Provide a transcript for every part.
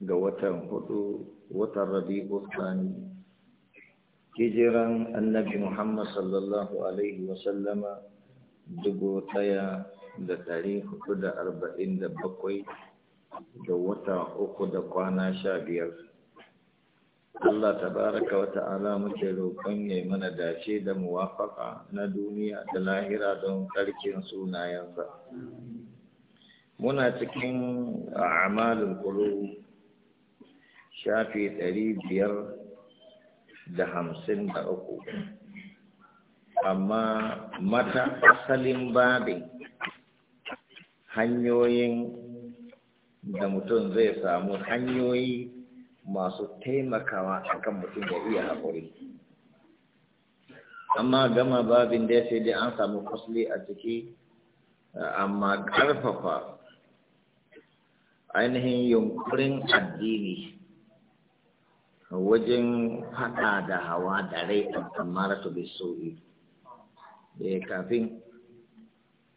ga watan hudu watan rabi'u tsani hijiran annabi muhammad sallallahu alaihi wasallama dubu daya da dari hudu da arba'in da bakwai da wata uku da kwana sha biyar Allah tabaraka wa ta'ala muke roƙon ya yi mana dace da muwafaka na duniya da lahira don ƙarkin sunayensa. Muna cikin a'malul qulub shafi ɗari biyar da hamsin da uku amma mata asalin babin hanyoyin da mutum zai samu hanyoyi masu taimakawa kan mutum ya iya haƙuri amma gama babin da sai dai an samu fasli a ciki amma ƙarfafa ainihin yunkurin addini wajen haɗa da hawa da rai a kamar su bi soyi da eh, kafin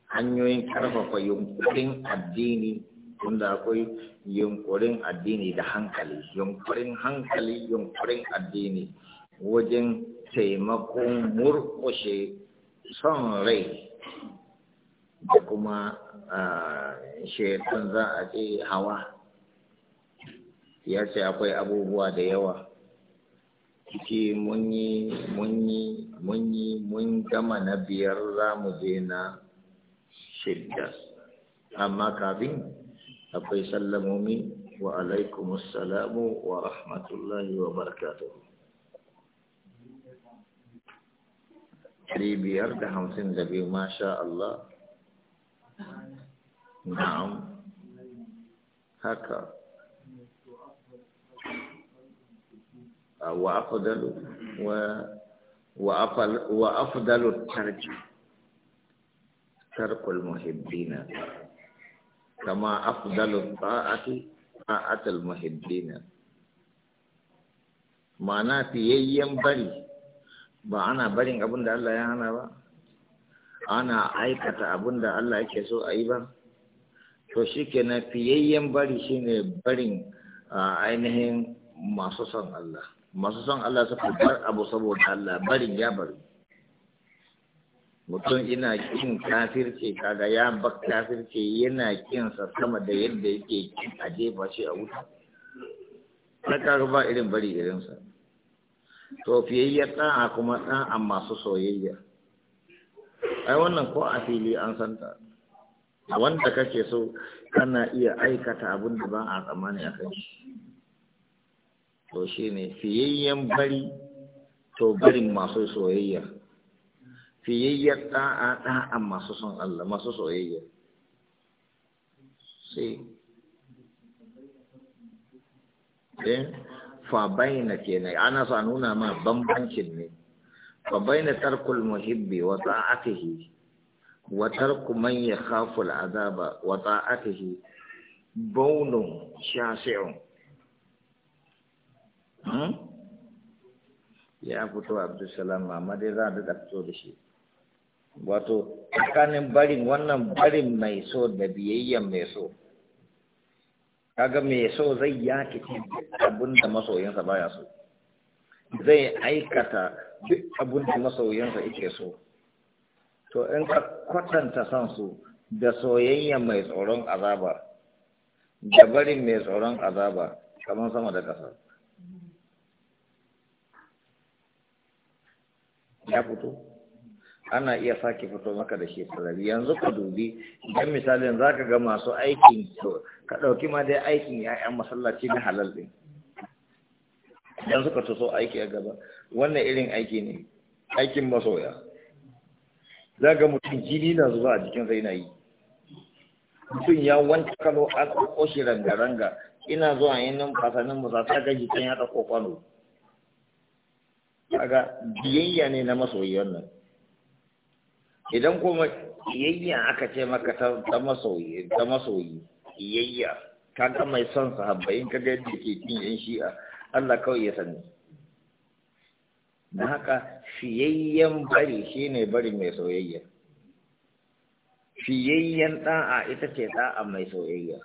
hanyoyin ƙarfafa yunkurin addini wanda akwai yunkurin addini da hankali yunkurin hankali yunkurin addini wajen taimakon murkushe son rai da kuma ah, shekun za a ce hawa ya ce akwai abubuwa da yawa ciki munyi munyi munyi mun gama na biyar za mu je na shidda amma kafin akwai sallamomi wa alaikumussalamu wa rahmatullahi wa barakatuhu biyar da hamsin da biyu masha Allah na'am haka وأفضل و وأفضل, وأفضل الترك ترك المحبين كما أفضل الطاعة طاعة المحبين ma'ana fiyayyen bari ba ana barin abin da Allah ya hana ba ana aikata abin da Allah yake so a yi ba to shi kenan fiyayyen bari shine barin ainihin masu son Allah masu son Allah suka bar abu saboda Allah barin ya bari mutum ina kin ce kaga ya bak ce yana kin sa sama da yadda yake kin a jefa shi a wuta na kaga ba irin bari irin sa to fiyayyar ɗa'a kuma ɗan'a masu soyayya ai wannan ko a fili an santa wanda kake so kana iya aikata abin da ba a tsammani a kai to shi ne fiyayyen bari to barin masu soyayya fiyayyar ɗa'a ɗa'a masu son Allah masu soyayya sai ɗin eh, fabaina ke na ana sa nuna ma bambancin ne na tarkul muhibbi wa ta'atihi wa tarku man yakhafu al'azaba wa ta'atihi baunun shasi'un Hmm? ya fito abdulsalam amma dai za a daɗa fito da shi wato tsakanin barin wannan barin mai so da biyayyen mai so kaga mai so zai yaki abin da masoyinsa baya so zai aikata duk abin da masoyinsa yake so to in ka kwatanta son su da soyayya mai tsoron azaba da barin mai tsoron azaba kamar sama da ƙasa ya fito ana iya sake fito maka da shekarari yanzu ka dubi idan misalin za ka ga masu aikin to ka ɗauki ma dai aikin ya'yan masallaci na halal ɗin idan suka so aiki a gaba wannan irin aiki ne aikin masoya za ga mutum jini na zuwa a jikin sai na yi mutum ya wanta kalo an ɗauko ranga-ranga ina zuwa yin numfasa nan ta gaji kan ya ɗauko kaga biyayya ne na masoyiyar nan idan kuma biyayya aka ce maka ta masoyi ta masoyi biyayya kaga mai son sahabbai in kaga yadda ke cin yan shi'a Allah kawai ya sani na haka fiyayyen bari shine bari mai soyayya fiyayyen ɗa'a ita ce ɗa'a mai soyayya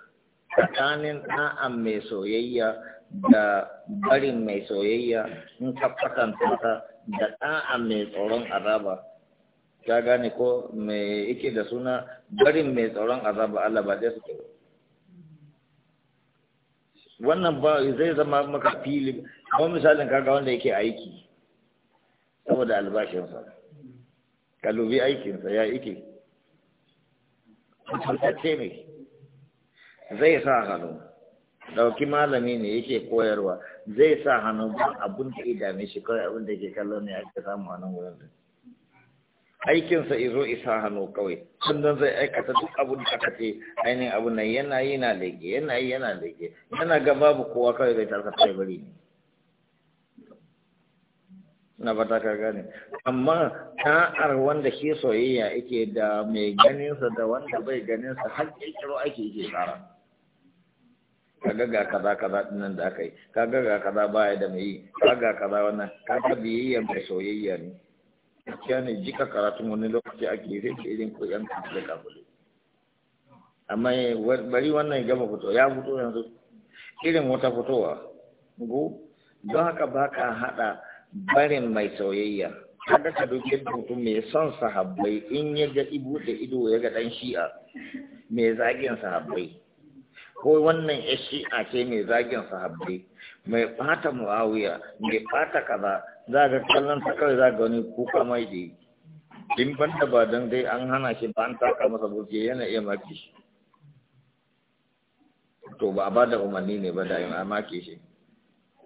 tsakanin ɗa'a mai soyayya da barin mai soyayya in ka kwatanta ta da ɗa'a mai tsoron azaba ta gane ko mai yake da suna barin mai tsoron azaba Allah ba zai suke wannan ba zai zama maka fili kuma misalin kaga wanda yake aiki saboda albashinsa ka aikinsa ya ike ce ne zai sa hannu ɗauki malami ne yake koyarwa zai sa hannu ba abin da ya dame shi kawai abin da ke kallo ne a ka samu hannun wurin da aikinsa izo isa hannu kawai sannan zai aikata duk abin da aka ce ainihin abin nan yana yi na lege yana yi yana lege yana ga babu kowa kawai zai tarkata ya ne na ba ta ne amma ta'ar wanda shi soyayya yake da mai ganinsa da wanda bai ganinsa har ƙirƙiro ake yake tsara kaga ga kaza kaza nan da aka yi kaga ga kaza baya da mai yi kaga kaza wannan kaga biyayya mai soyayya ne gaskiya ne jika karatun wani lokaci ake yi, sai da irin ko yan kafin kafin amma eh, bari wannan ya gama fito ya fito yanzu irin wata fitowa go don haka ba ka haɗa barin mai soyayya kaga ka duk mutum mai son sahabbai in ya ga ibu da ido ya ga ɗan shi'a mai zagin sahabbai ko wannan ya shi'a ce mai zagin sahabbai mai ɓata mu'awiya mai ɓata kaza za ga kallon ta kawai za ga wani kuka mai da yi ban da ba don dai an hana shi ba an taka masa burke yana iya maki shi to ba a ba da umarni ne ba da yin a maki shi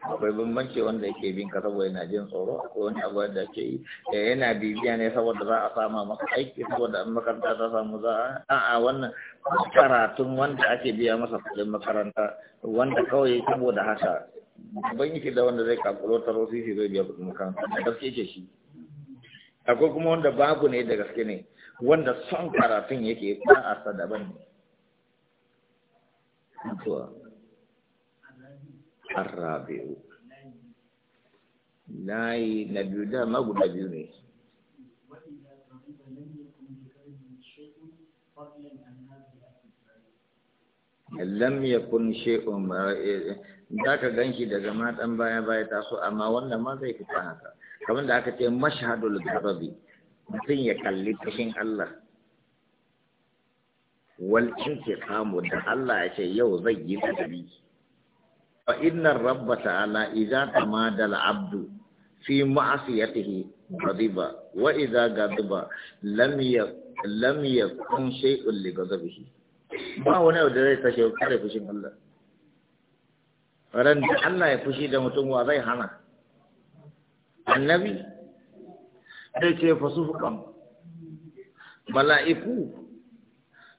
akwai bambanci wanda yake bin ka saboda yana jin tsoro akwai wani abu da ke yi eh, yana bibiya ne saboda za a sama maka aiki saboda an makaranta ta samu za a a wannan karatun wanda ake biya masa kuɗin makaranta wanda kawai saboda haka ban yake da wanda zai kakulo ta sai shi zai biya kuɗin makaranta da gaske ce shi akwai kuma wanda babu ne da gaske ne wanda son karatun yake ba a sadaban ne. الرابع na ne. ده ما قلنا ne lam yakun shay'un eh, ka ganshi daga ma dan baya baya taso amma wannan ma zai fita haka kamar da aka ce mashhadul ghadabi mutum ya kalli cikin Allah wal intiqamu da Allah ya ce yau zai yi gadabi fa inna rabba ta'ala idza tamada al-abdu fi ma'asiyatihi ghadiba wa idza ghadiba lam ya lam yakun shay'un li ghadabihi ba wani abu da zai kare fushin Allah ran Allah ya fushi da mutum wa zai hana annabi ce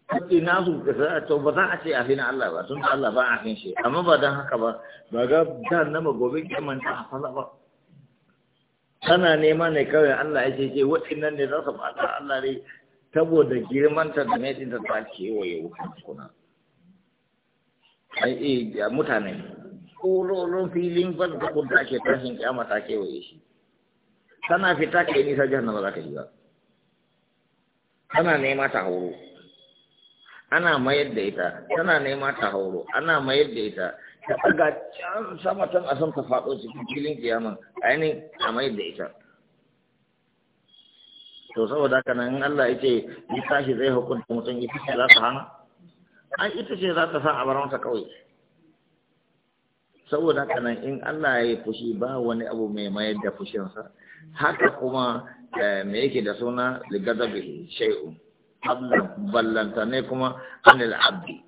Kace na su to ba za a ce a fi na Allah ba sun Allah ba a fin shi amma ba don haka ba ba ga nama gobe kiyamanta a fasa ba kana nema ne kawai Allah ya ce ce waɗannan ne za su fata Allah ne saboda girmanta da mai ta ta kewaye wukan kuna ai eh mutane kololon filin ban da kun da ake tashin amma ta kewaye shi kana fita kai nisa jahannama za ka yi ba kana nema ta hauro ana mayar da ita tana nema ta hauro ana mayar da ita ta daga can sama a asan ta faɗo cikin filin kiyama ainihin a mayar da ita to saboda haka nan in Allah ya ce ya tashi zai hukunta mutum ita ce za ta hana An ita ce za ta sa a bar masa kawai saboda haka nan in Allah ya yi fushi ba wani abu mai mayar da fushinsa haka kuma eh, me yake da suna ligadabi shay'un abdan ballantane kuma anil abdi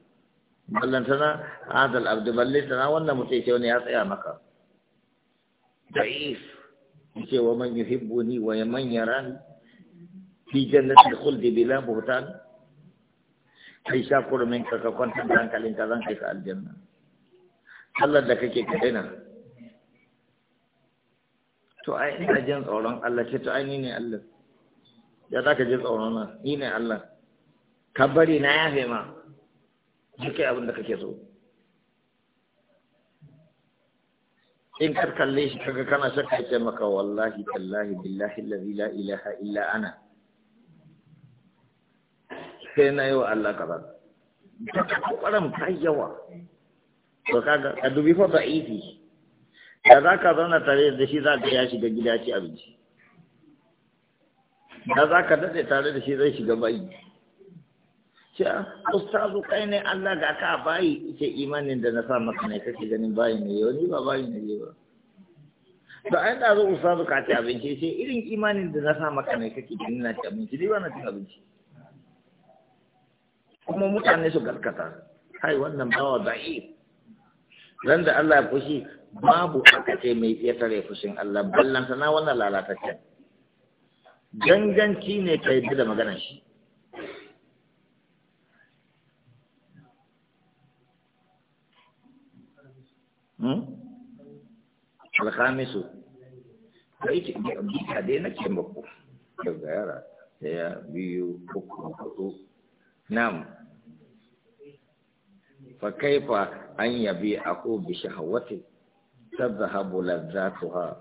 ballantana adal abdi na wannan mutum ce wani ya tsaya maka da'if ce wa man ni, wa man yarani fi jannatil khuldi bila buhtan kai shakur min ka ka kwantar da hankalin ka zan kai ka aljanna Allah da kake ka daina to ai ina jin tsoron Allah ce to ai ni ne Allah ya za ka je tsaunana ni ne Allah ka bari na yafe ma duk abin da kake so in ka kalle shi kaga kana shakka ce maka wallahi tallahi billahi allazi la ilaha illa ana sai na yi wa Allah kaza ta kokarin ta yawa to kaga ka dubi fa da'ifi da za ka zauna tare da shi za ka ya shiga gida ci abinci da za ka daɗe tare da shi zai shiga bayi cewa ah, ustazu kai ne Allah ga ka bayi ce imanin da na sa maka ne kake ganin bayi ne yau ni ba bayi ne ba da ai da zo ustazu ka ci abinci sai irin imanin da na sa maka ne kake ganin na ci abinci ni ba na ci abinci kuma mutane su garkata kai wannan bawa da'i ran da Allah ya fushi babu aka ce mai ƙetare fushin Allah ballan sana wannan lalatacce ganganci ne ka yi da maganar shi hmm? alhamisu da yake bita dai na ke mako daga yara daya biyu uku hudu nam fa kaifa an yabi aku bi shahawati tadhhabu ladzatuha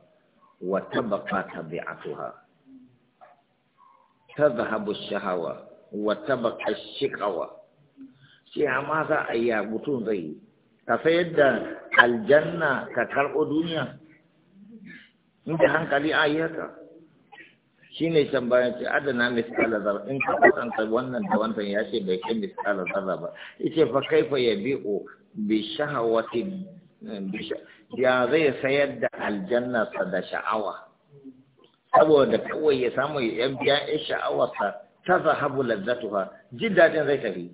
wa tabqa tabi'atuha تذهب الشهوة وتبقى الشقوة شيء ماذا أي بطون ذي تفيد الجنة كتر الدنيا انت هنك لي آياتا شيء نسمى أدنى مثال ذرة إن كنت أنت وانا أنت وانا ياشي بيك مثال ذرة إيش فكيف يبيع بشهوة بشهوة يا ذي سيد الجنة تدشعوه saboda kawai ya samu ya biya ya sha'awarsa ta zahabu ha jin daɗin zai tafi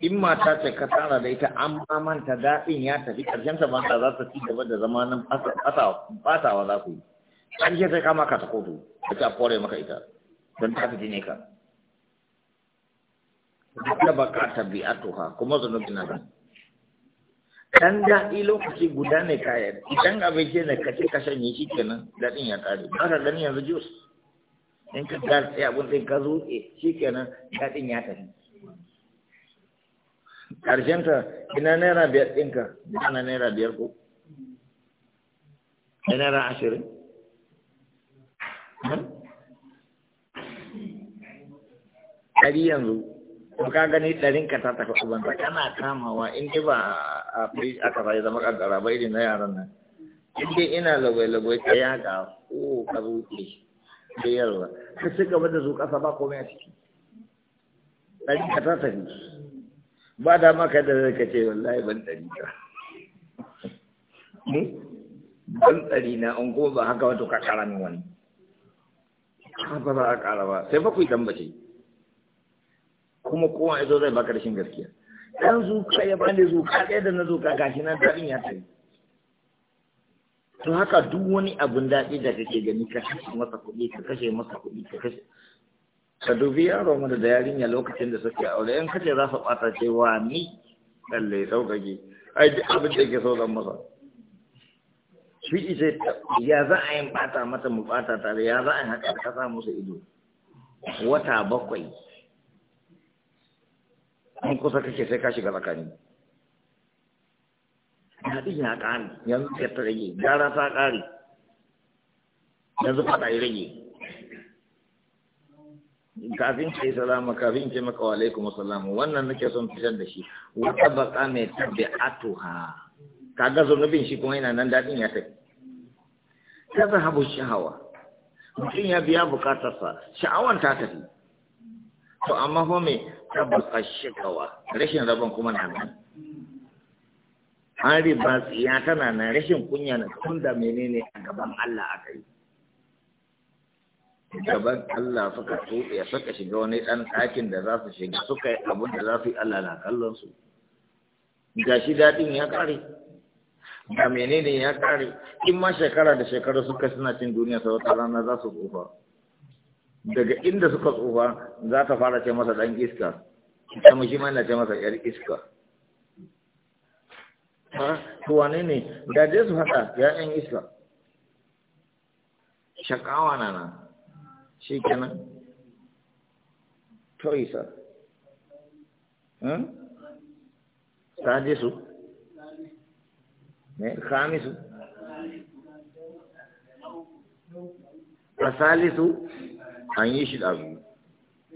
in mata ce ka tsara da ita an manta daɗin ya tafi ƙarshen ta mata za ta ci gaba da zama nan za ku yi An ce sai kama ka ta kotu da ta kore maka ita don ta fi ne ka ta baka tabi'atuha kuma na nan dan daɗi lokaci guda ne kayan idan abinci ne ka ci ka shanye shi kenan daɗin ya ƙare ba ka gani yanzu jus in ka gartse abin sai ka zuƙe shi kenan daɗin ya tafi ƙarshenta ina naira biyar ɗinka ana naira biyar ko ina naira ashirin hm? ɗari yanzu ko ka gani ɗarin ka ta tafi ubanta kana kamawa in dai ba a fi aka fara zama ƙanƙara ba irin na yaran nan in dai ina lagwai-lagwai ta ya ga ko ka rufe da yarwa ka ci gaba da zuƙa ba komai a ciki ɗarin ka ta tafi ba da maka da zai ka ce wallahi ban ɗari ka hmm? ban ɗari na an kuma ba haka wato ka ƙara min wani ba za a ƙara ba sai ba ku yi tambace kuma kowa ya zo zai baka rashin gaskiya dan zuka ya bani zuka ɗaya da na zuka gashi nan tarin ya tafi to haka duk wani abun daɗi da kake gani ka kashe masa kuɗi ka kashe masa kuɗi ka kashe ka dubi yaro mana da yarinya lokacin da suke aure yan kace za su ɓata cewa ni lalle sauƙaƙe ai duk abin da yake so zan masa shi ita ya za a yin ɓata mata mu ɓata tare ya za a yin haƙa ka sa musu ido wata bakwai an kusa kake sai ka shiga tsakani daɗin ya ƙari yanzu ka ta rage gara ta ƙari yanzu faɗa ya rage kafin ka yi salama kafin ke maka wa alaikum salamu wannan nake son fitar da shi wata baka mai tabi'atu ha kaga zunubin shi kuma yana nan daɗin ya tafi ta zahabu shahawa mutum ya biya bukatarsa sha'awar ta tafi to amma fa me sabaka shikawa rashin rabon kuma na nan an riba tsiya tana nan rashin kunya na tun da menene a gaban Allah aka yi gaban Allah suka tuɓe suka shiga wani ɗan ɗakin da za su shiga suka yi abin da za su yi Allah na kallon su ga shi daɗin ya ƙare ga menene ya ƙare in ma shekara da shekaru suka suna cin duniya sau ta rana za su tsufa daga inda suka tsufa za ta fara ce masa ɗan iska kuma shi mana ce masa ‘yar iska to wane ne da dai su haɗa 'yan iska shakawa na nan shi kenan to isa hmm? sadisu ne khamisu asalisu an yi shi da abu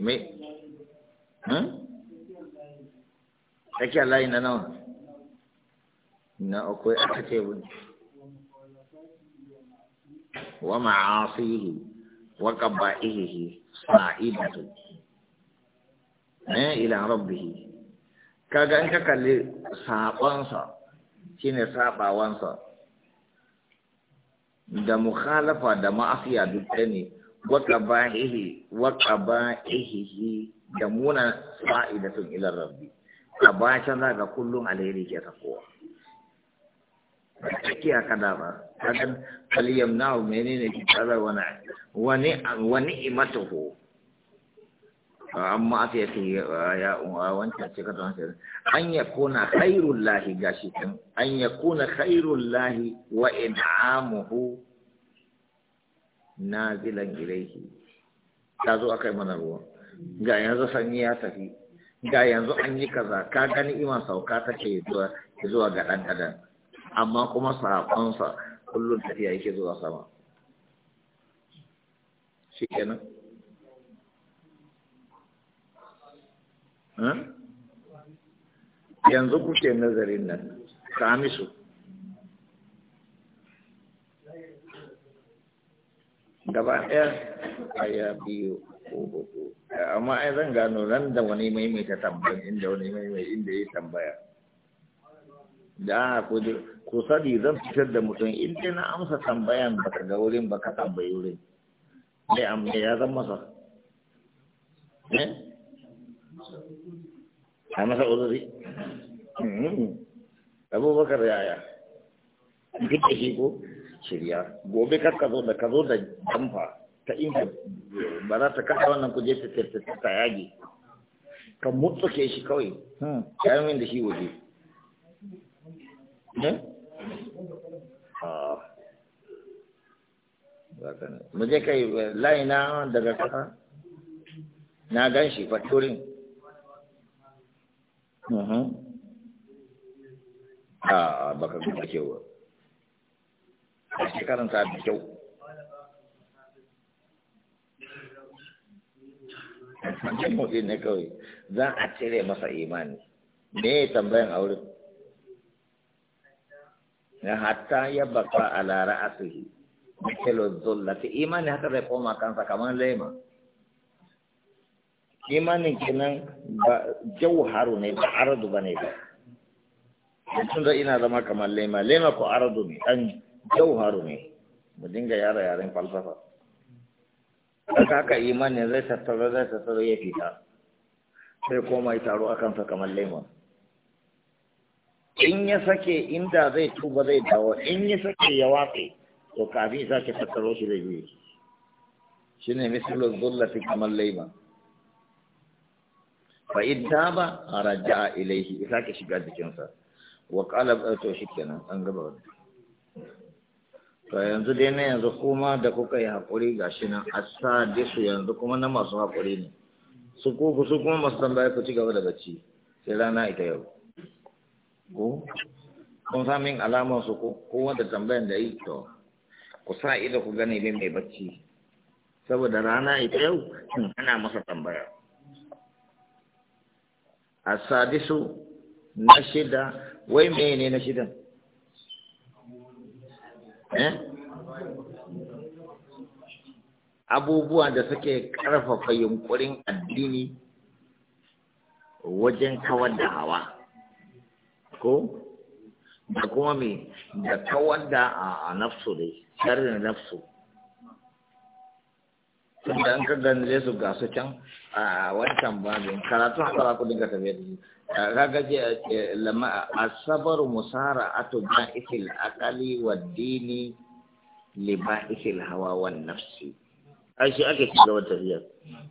me hmm? ake layi na nawa na akwai aka ce bu wa ma'asihi wa qaba'ihi sa'idatu eh ila rabbih kaga in ka kalli saƙonsa shine saɓawansa da mukhalafa da ma'afiya duk ɗaya ne ihi, qaba'ihi wa qaba'ihi da muna fa'idatun ila rabbi kabashin za ka kullum alheri ke tafowa ba tsakiya kada ba kadan kaliyam na menene ki tsara wani wani wani imatuhu amma aka yi ya wancan ce kada wancan an ya kuna khairul lahi gashi kan an ya kuna khairul lahi wa in'amuhu nazilan ilaihi ta zo aka yi mana ruwa ga yanzu sanyi ya tafi ga yanzu an yi kaza ka gani iman sauka ta zuwa zuwa ga ɗan adam amma kuma saƙonsa kullum tafiya yake zuwa sama shi kenan yanzu kuke nazarin nan kamisu gaba ɗaya ya biyu ko hudu amma ai zan gano nan da wani maimaita tambayan inda wani maimai inda ya tambaya da ku ku sadi zan fitar da mutum inda na amsa tambayan baka ga wurin baka tambayi wurin ne amma ya zan masa eh a masa uzuri hmm. abubakar yaya duk da shi ko shirya gobe kar ka zo da ka zo da jamfa ta inda ba za ta kada wannan kuje ta ta ta yage ka mutsuke shi kawai ya hmm. yi da shi waje hmm? ah. muje je kai eh, layi na daga kasa na gan shi faturin hmm. a ah, baka gaba kewa ake karanta da kyau wancan motsi ne kawai za a cire masa imani me ya tambayan auren na hatta ya baka a lara asiri mikelo ta imani haka zai koma kansa kamar lema imanin kenan ba jauharu ne ba aradu ba ne ba mutum da ina zama kamar lema lema ko aradu ne ɗan jauharu ne mu dinga yara yaren falsafa haka haka imanin zai tattaro zai tattaro ya fita sai koma ya taro a kansa kamar lemon in ya sake inda zai tuba zai dawo in ya sake ya watse to kafin ya sake tattaro shi da biyu shi ne misalin zullafi kamar lemon in ta ba a raja'a ilaihi ya sake shiga jikinsa wa ƙalab to shi kenan an gaba wani to yanzu dai na yanzu kuma da kuka yi haƙuri ga shi nan su yanzu kuma na masu haƙuri ne su kuku su kuma masu tambaya ku ci gaba da bacci sai rana ita yau ko kun samin alamar su ko da tambayan da yi to ku sa ido ku gani ne mai bacci saboda rana ita yau hmm, ana masa tambaya a su na shida wai mene na shidan Eh? abubuwa da suke ƙarfafa yunkurin addini wajen kawar da hawa ko da kuma me da kawar da a nafsu dai sharrin nafsu tun da an ka gane su gasu can a wancan babin Karatu haka za ku dinga tafiya da kaga ce lama asabar musara atu ba'isil akali wa dini li ba'isil hawa wa nafsi ai shi ake shiga wata riya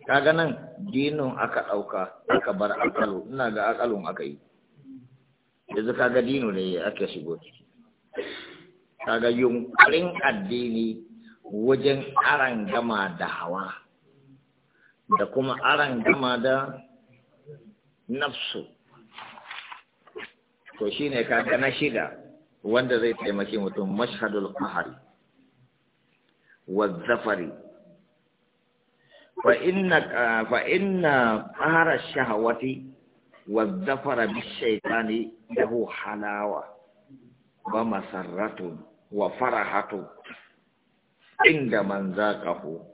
kaga nan dinin aka dauka aka bar akalu ina ga akalun aka yi yanzu kaga dino ne ake shigo ciki kaga yunkurin addini wajen aran gama da hawa da kuma aran gama da nafsu to shine kaga na shida wanda zai taimaki mutum mashhadul qahari wa zafari fa inna fa inna qahara shahawati wa zafara bi shaytani lahu halawa wa masarratun wa farahatu inda man zaqahu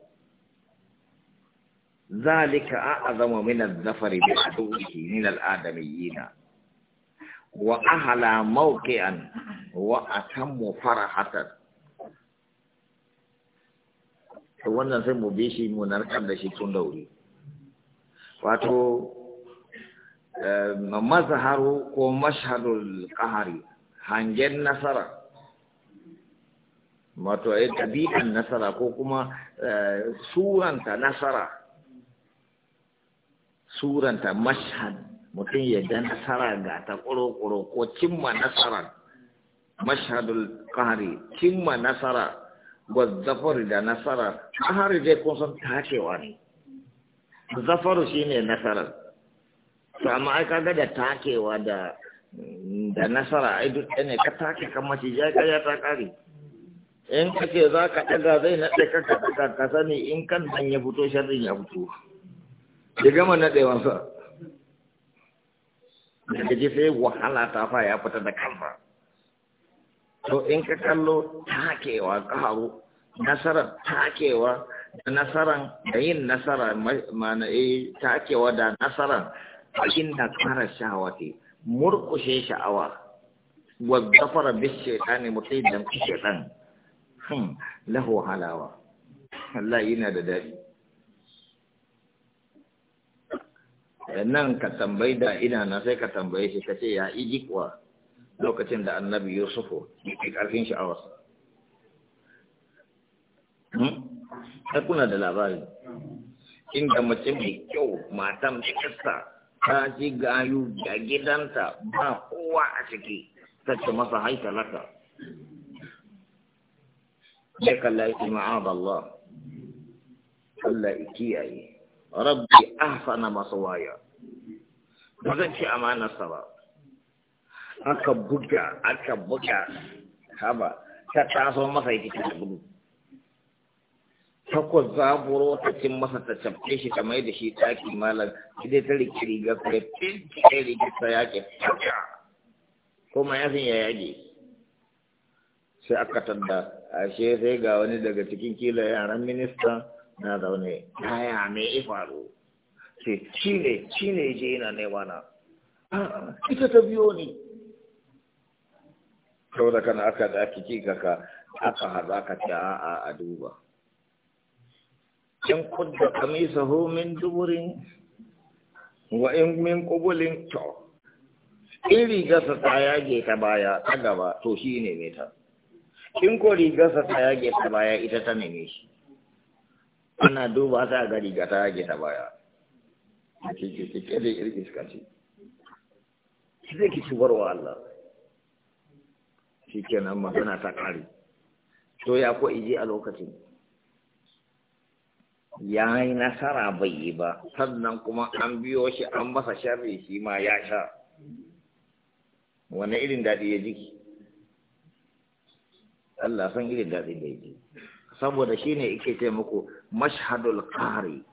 ذلك أعظم من الظفر بعدوه من الآدميين wa ahala mawqi'an wa atammu farahatan to wannan sai mu bi shi mu narkar da shi tun da wato eh, mazharu ko mashhadul qahari hangen nasara wato ai eh, tabi'an nasara ko kuma eh, suranta nasara suranta mashhad mutum ya ga nasara ga ta ƙuro-ƙuro ko cimma nasara mashadul ƙari cimma nasara wa zafari da nasara ƙahari dai kun san tacewa ne zafaru shi ne nasara. to amma aika ga da takewa da da nasara ai duk ɗane ka take kan mace ya kaya ta ƙari in ka ce za ka ɗaga zai naɗe ka ka ka sani in kan nan ya fito sharrin ya fito ya gama naɗewansa da ji sai wahala ta fa ya fita da kansa to in ka kallo takewa karu. nasarar takewa da nasaran da yin nasara mana eh takewa da nasaran fakin da tsara shawati murkushe sha'awa wa gafara bis shaytani mutai dan shaytan hmm lahu halawa Allah yana da dadi nan ka tambayi da ina na sai ka tambaye shi ka ce ya iji kuwa lokacin da annabi yusufu ke karfin sha'awarsa har hmm? kuna da labari inda mace mai kyau matan kasta ta ji gayu da gidanta ba kowa a ciki ta ce masa haikalaka ya kalla ya ce ma'adallah kalla ikiyaye rabbi ahsana masawaya ba ci amanarsa ba aka buga aka buga haba ta taso masa yake ta gudu takwas zaburo ta cin masa ta cafke shi ta mai da shi taki malam idai ta rike riga kare pinki ɗaya ta yake fata kuma ya san ya yage sai aka tanda ashe sai ga wani daga cikin kila yaran minista na zaune yaya me ya faru ce shi ne shi ne je na nema na ita ta biyo ni sau da kana aka da ake kika aka haza ka ce a a duba in kudda kamisa ho min duburin wa'in min kubulin to in rigarsa ta yage ta baya ta gaba to shi ne ta in ko rigarsa ta yage ta baya ita ta neme shi ana duba ta ga riga ta rage ta baya a cikin cikin da irin iska ce shi zai ki shubar wa Allah shi nan magana ta ƙari to ya ko iji a lokacin ya yi nasara bai yi ba sannan kuma an biyo shi an masa sharri shi ma ya sha wani irin daɗi ya jiki Allah san irin daɗi da ya ji saboda shi ne ike taimako. mashhadul qahri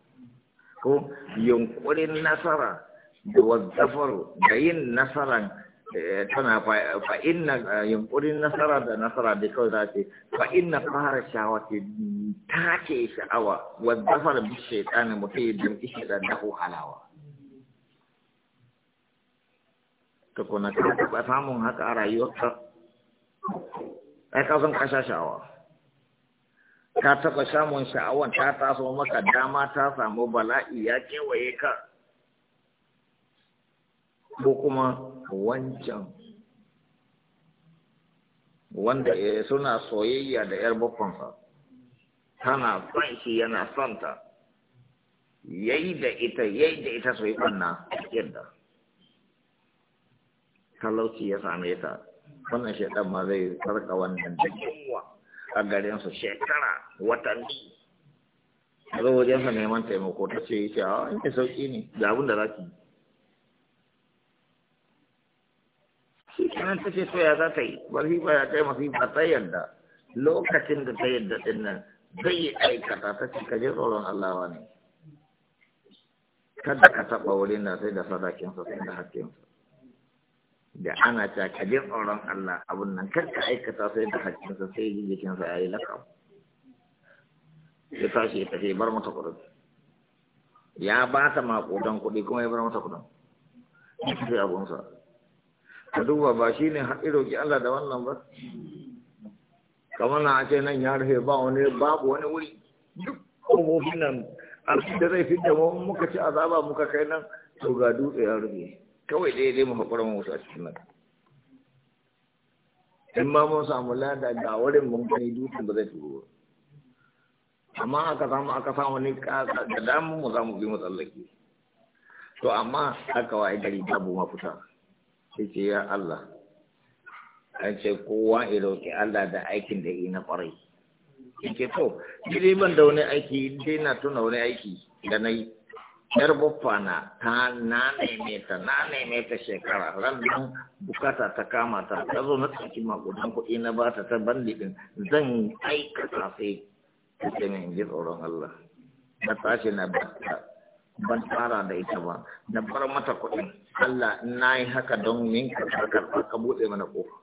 ko yunkurin nasara da wazzafaru da yin nasaran eh, tana fa inna eh, yunkurin nasara da nasara da kawai za ce fa inna fara ce ta ce sha'awa wazzafar bi shaitani mutum ya dimki ishe da halawa tukuna ka taɓa samun haka a rayuwarka ai ka san ka sha sha'awa ta taɓa samun sha'awan ta taso maka dama ta samu bala'i ya kewaye ka ko kuma wancan wanda eh, suna soyayya da ‘yar bakwansa tana son shi yana son ta yayi da ita yayi da ita soyi ɓanna yadda talauci ya same ta wannan shaidan ma zai sarka wannan da yunwa a su shekara watanni a zo wajensa neman taimako ta ce ce a ah, wani sauƙi ne ga abin da za ki shi ta ce so ya za ta yi ba ya kai yi ba ta yadda lokacin da ta yadda ɗin nan zai yi aikata ta ce ka je tsoron Allah wa ne kada ka taɓa wurin da sai da sadakinsa sai da hakkinsa da ana ta ka tsoron Allah abun nan kar ka aikata sai da hakkinsa sai jikinsa ya yi lakam ya tashi ya tafi bar mata kudin ya ba ta maƙudan kuɗi kuma ya bar mata kudin sai abunsa ka duba ba shi ne haɗi roƙi Allah da wannan ba kamar na ce nan ya rufe ba wani babu wani wuri duk kofofin nan a da zai fi da muka ci azaba muka kai nan to ga dutse ya rufe kawai dai dai mu haƙura mu a cikin nan in ma mun samu lada ga wurin mun kai dutsen ba zai turo ba amma aka samu aka samu ne da damu mu za mu bi mu tsallake to amma aka waye gari ma fita, sai ce ya Allah an ce kowa ya roƙi Allah da aikin da yi na kwarai. in ce to ni ban da wani aiki dai na tuna wani aiki da na yi yar Bufana ta na neme ta na neme ta shekara rannan bukata ta kama ta ta zo na tsaki makudan kuɗi na bata ta ta bandidin zan aikata sai ta ce min ji tsoron Allah na tashi na bata ban tsara da ita ba na bar mata kuɗin Allah na yi haka don min karɓar ka buɗe mana ƙofa.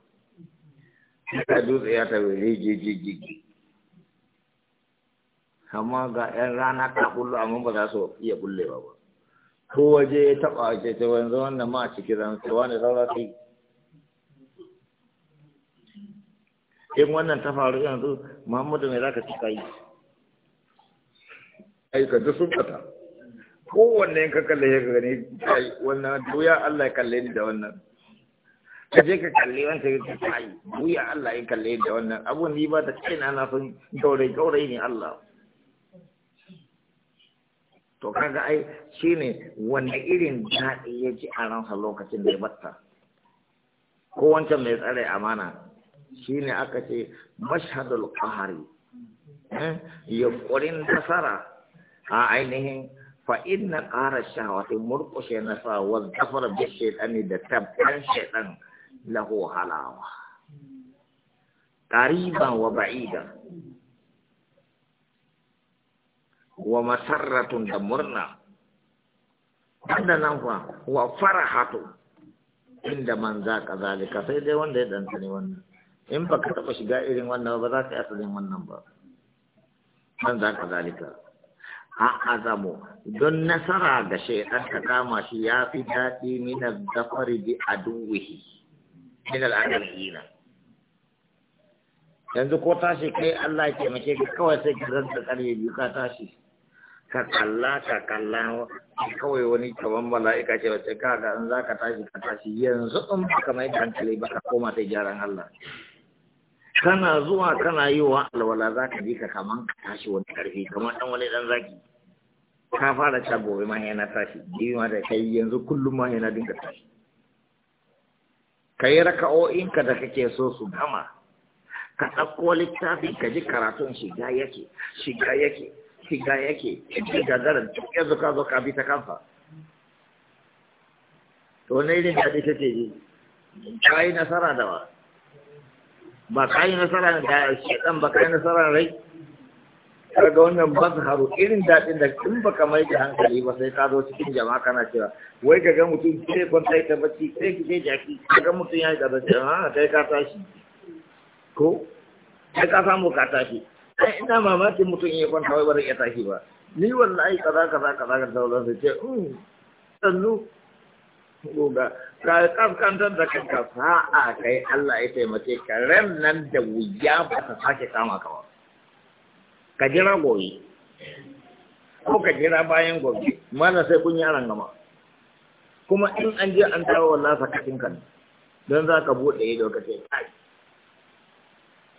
Ta dutse ya ta wuri jijijigi. amma ga ‘yan rana ta a amma ba za su iya kulle ba ko waje ya taɓa a ce wanzu wannan ma a ciki zan ce wani saura yi in wannan ta faru yanzu muhammadu mai za ka cika yi aikata duk sun fata kowanne ka kalle ya gani kai wannan duya Allah ya kalle ni da wannan ka je ka kalle wanda ya ta kai duya Allah ya kalle ni da wannan abun ni ba ta kaina na sun gaurayi gaurayi ne Allah to kaga ai shine wanda irin daɗi ya ji a ransa lokacin da ya batta ko wancan mai tsare amana shine aka ce mashhadul qahari eh, yunkurin nasara a ainihin fa inna qara shahawati murqushe nasara wa zafara bi shaytani da tabban shaytan lahu halawa qariban wa ba'idan wa masarratun da murna wanda nan kuwa wa farahatu inda man za ka zalika sai dai wanda ya danta ne wannan in ba ka taɓa shiga irin wannan ba za ka yi asalin wannan ba man za ka zalika a azamu don nasara ga shaidan ka kama shi ya fi daɗi min zafari bi aduwihi min al'adar adalina yanzu ko tashi kai Allah ya taimake ka kawai sai ka zanta karye biyu ka tashi ka kalla ka kalla kawai wani kaman mala'ika ce wacce ka ga in zaka tashi ka tashi yanzu in baka mai hankali baka koma ta gyaran Allah kana zuwa kana yi wa alwala ka ji ka kaman ka tashi wani karfi kaman dan wani dan zaki ka fara ta gobe ma yana tashi jibi ma da kai yanzu kullum ma yana dinka tashi kai raka'o'inka da kake so su gama ka ɗauko littafi ka ji karatun shiga yake shiga yake shiga yake cikin gagarar duk ya zuka zo ka bi ta kanfa to wani irin daɗi ce ji ka yi nasara da ba ba ka yi nasara da shi? dan ba ka yi nasara rai kaga wannan mazharu irin daɗin da in ka mai da hankali ba sai ka zo cikin jama'a kana cewa wai ka ga mutum sai sai ta bacci sai ki je jaki ka ga mutum ya yi gaba ha ah, kai ka tashi ko kai ka samu ka tashi ai ina mamakin mutum ya kwanta wai bari ya tashi ba ni wallahi kaza kaza kaza ga wannan sai ce um sannu goga ka kaskantar da kanka sa'a kai Allah ya taimake ka ran nan da wuya ba ta sake kama ka ba ka jira goyi ko ka jira bayan gobe mana sai kun yi aran gama kuma in an je an tawo wallahi sakatin kan don za ka buɗe ido ka ce kai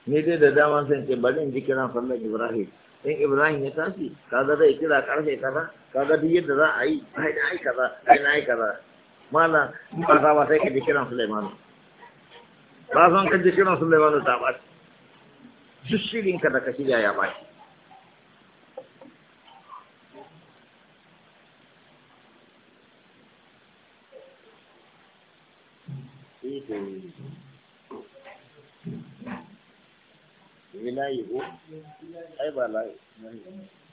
ni dai da dama sai ce bari zan ji kiran sallar ibrahim in ibrahim ya tashi kaga zai kira karfe kaza kaga duk yadda za a yi ai na ai kaza ai na ai kaza mala in ba za ba sai ka ji kiran sulaiman ba san ka ji kiran sulaiman ta ba duk shirin ka da ka shirya ya ba Thank you. ilayi ko ai ba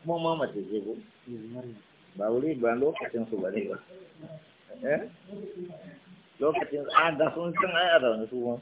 kuma ma mace ce ko ba wuri ba lokacin su ba ne eh? ba lokacin a da sun cin ai a zaune su ba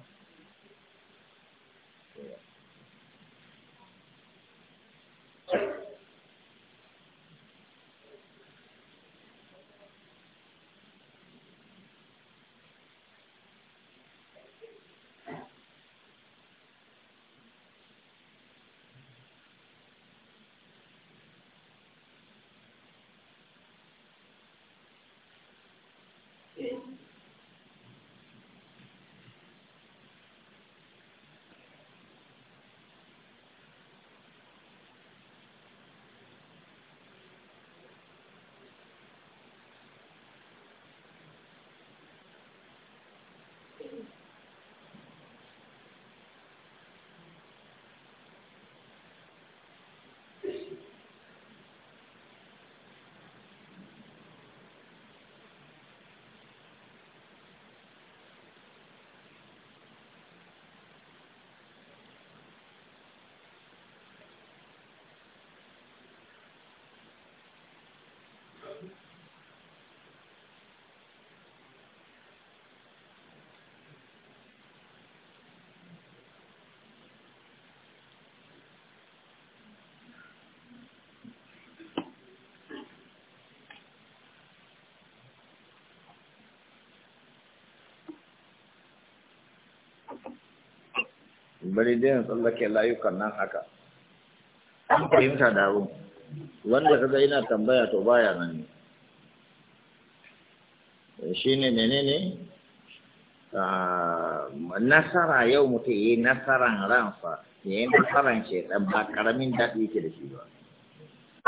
bari dai na tsallake layukan nan haka an fahimta da abu wanda ka ga ina tambaya to baya nan ne eh, shi ne menene ah, nasara yau mutum yi nasaran ransa ya yi nasaran dan ba karamin daɗi yake da shi ba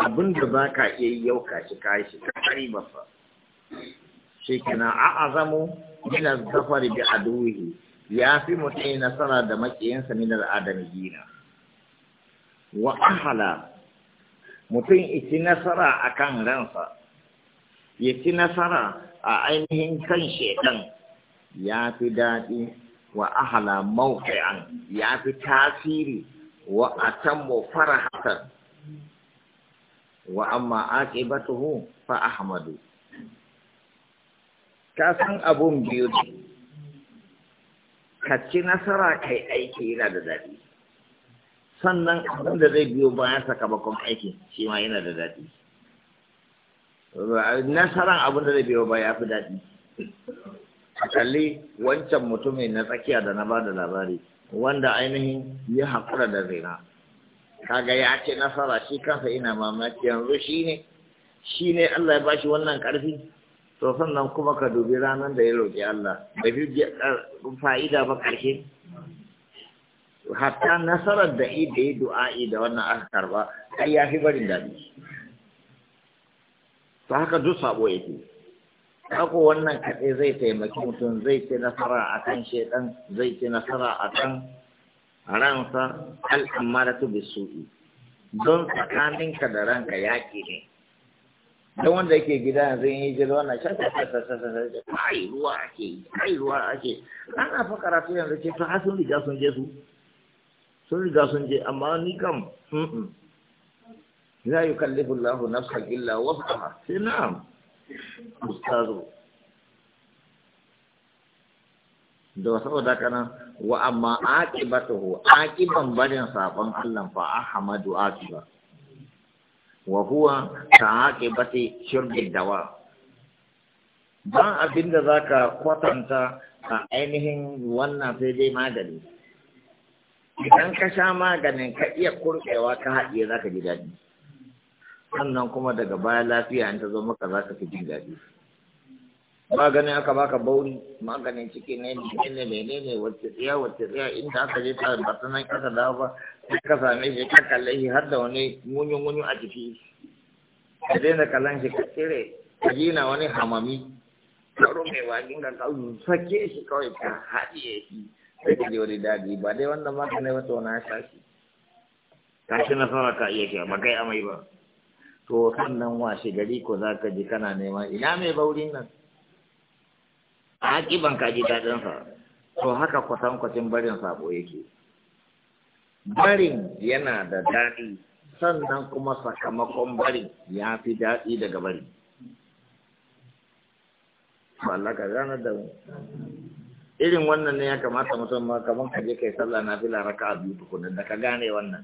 abin da za ka iya yi yau ka shi ka shi ka kari ba fa shi kenan a azamu zafari bi ya fi mutum yi nasara da maƙiyinsa min gina. wa ahala mutum ci nasara a kan ransa ya ci nasara a ainihin kan shekan ya fi daɗi wa ahala mawuka’an ya fi tasiri wa fara farahatan wa amma aqibatuhu fa ahmadu ka san abun biyu ne ka ci nasara kai aiki yana da daɗi sannan abin da zai biyo bayan sakamakon aikin shi ma yana da daɗi nasaran abin da zai biyo bayan ya fi daɗi a kalli wancan mutumin na tsakiya da na ba da labari wanda ainihin ya haƙura da zina kaga ya ce nasara shi kansa ina mamaki yanzu shi ne shi ne Allah ya bashi wannan ƙarfi to sannan kuma ka dubi ranar da ya roƙi Allah bai fi fa'ida ba ƙarshe hatta nasarar da yi da yi du'a'i da wannan aka karba ai ya fi barin daɗi ta haka duk sabo fi? Ako wannan kaɗe zai taimaki mutum zai ce nasara a kan zai ce nasara a kan ransa al'amma da ta bisu'i don tsakaninka da ranka yaƙi ne don wanda yake gida yanzu in yi jirwa na shan ai ruwa ake ai ruwa ake ana fa karatu yanzu ce ta, sun riga sun je su sun riga sun je amma ni kam la yukallifu Allahu nafsan illa wus'aha sai na'am ustazu da saboda kana wa amma aqibatuhu aqiban barin sabon Allah fa ahmadu aqiba wa huwa ta'aqibati shurbi dawa ba abinda zaka kwatanta a ainihin wannan sai dai magani idan ka sha maganin ka iya kurkewa ka haɗiye za ka ji daɗi sannan kuma daga baya lafiya in ta zo maka ka fi jin daɗi maganin aka baka bauri maganin ciki ne ne ne wacce tsiya wacce tsiya inda aka je ta batunan ƙasa kasa ba ka same shi ka kalle shi har da wani munyun-munyun a jiki ka daina kallon shi ka tsire ka wani hamami karo mai wagin ka kawo sake shi kawai ka haɗiye shi sai ka je wani daɗi ba dai wanda ma ka ne wata wani ya shashi ka shi nasara ka iya kiya ba amai ba to sannan washe gari ko za ka ji kana nema, ina mai baurin nan a haƙiban ka ji daɗinsa to haka kwatankwacin barin sabo yake barin yana da daɗi sannan kuma sakamakon barin ya fi daɗi daga bari Allah ka gane da irin wannan ne ya kamata mutum ma kamar ka je kai sallah na fila raka a biyu tukunan da ka gane wannan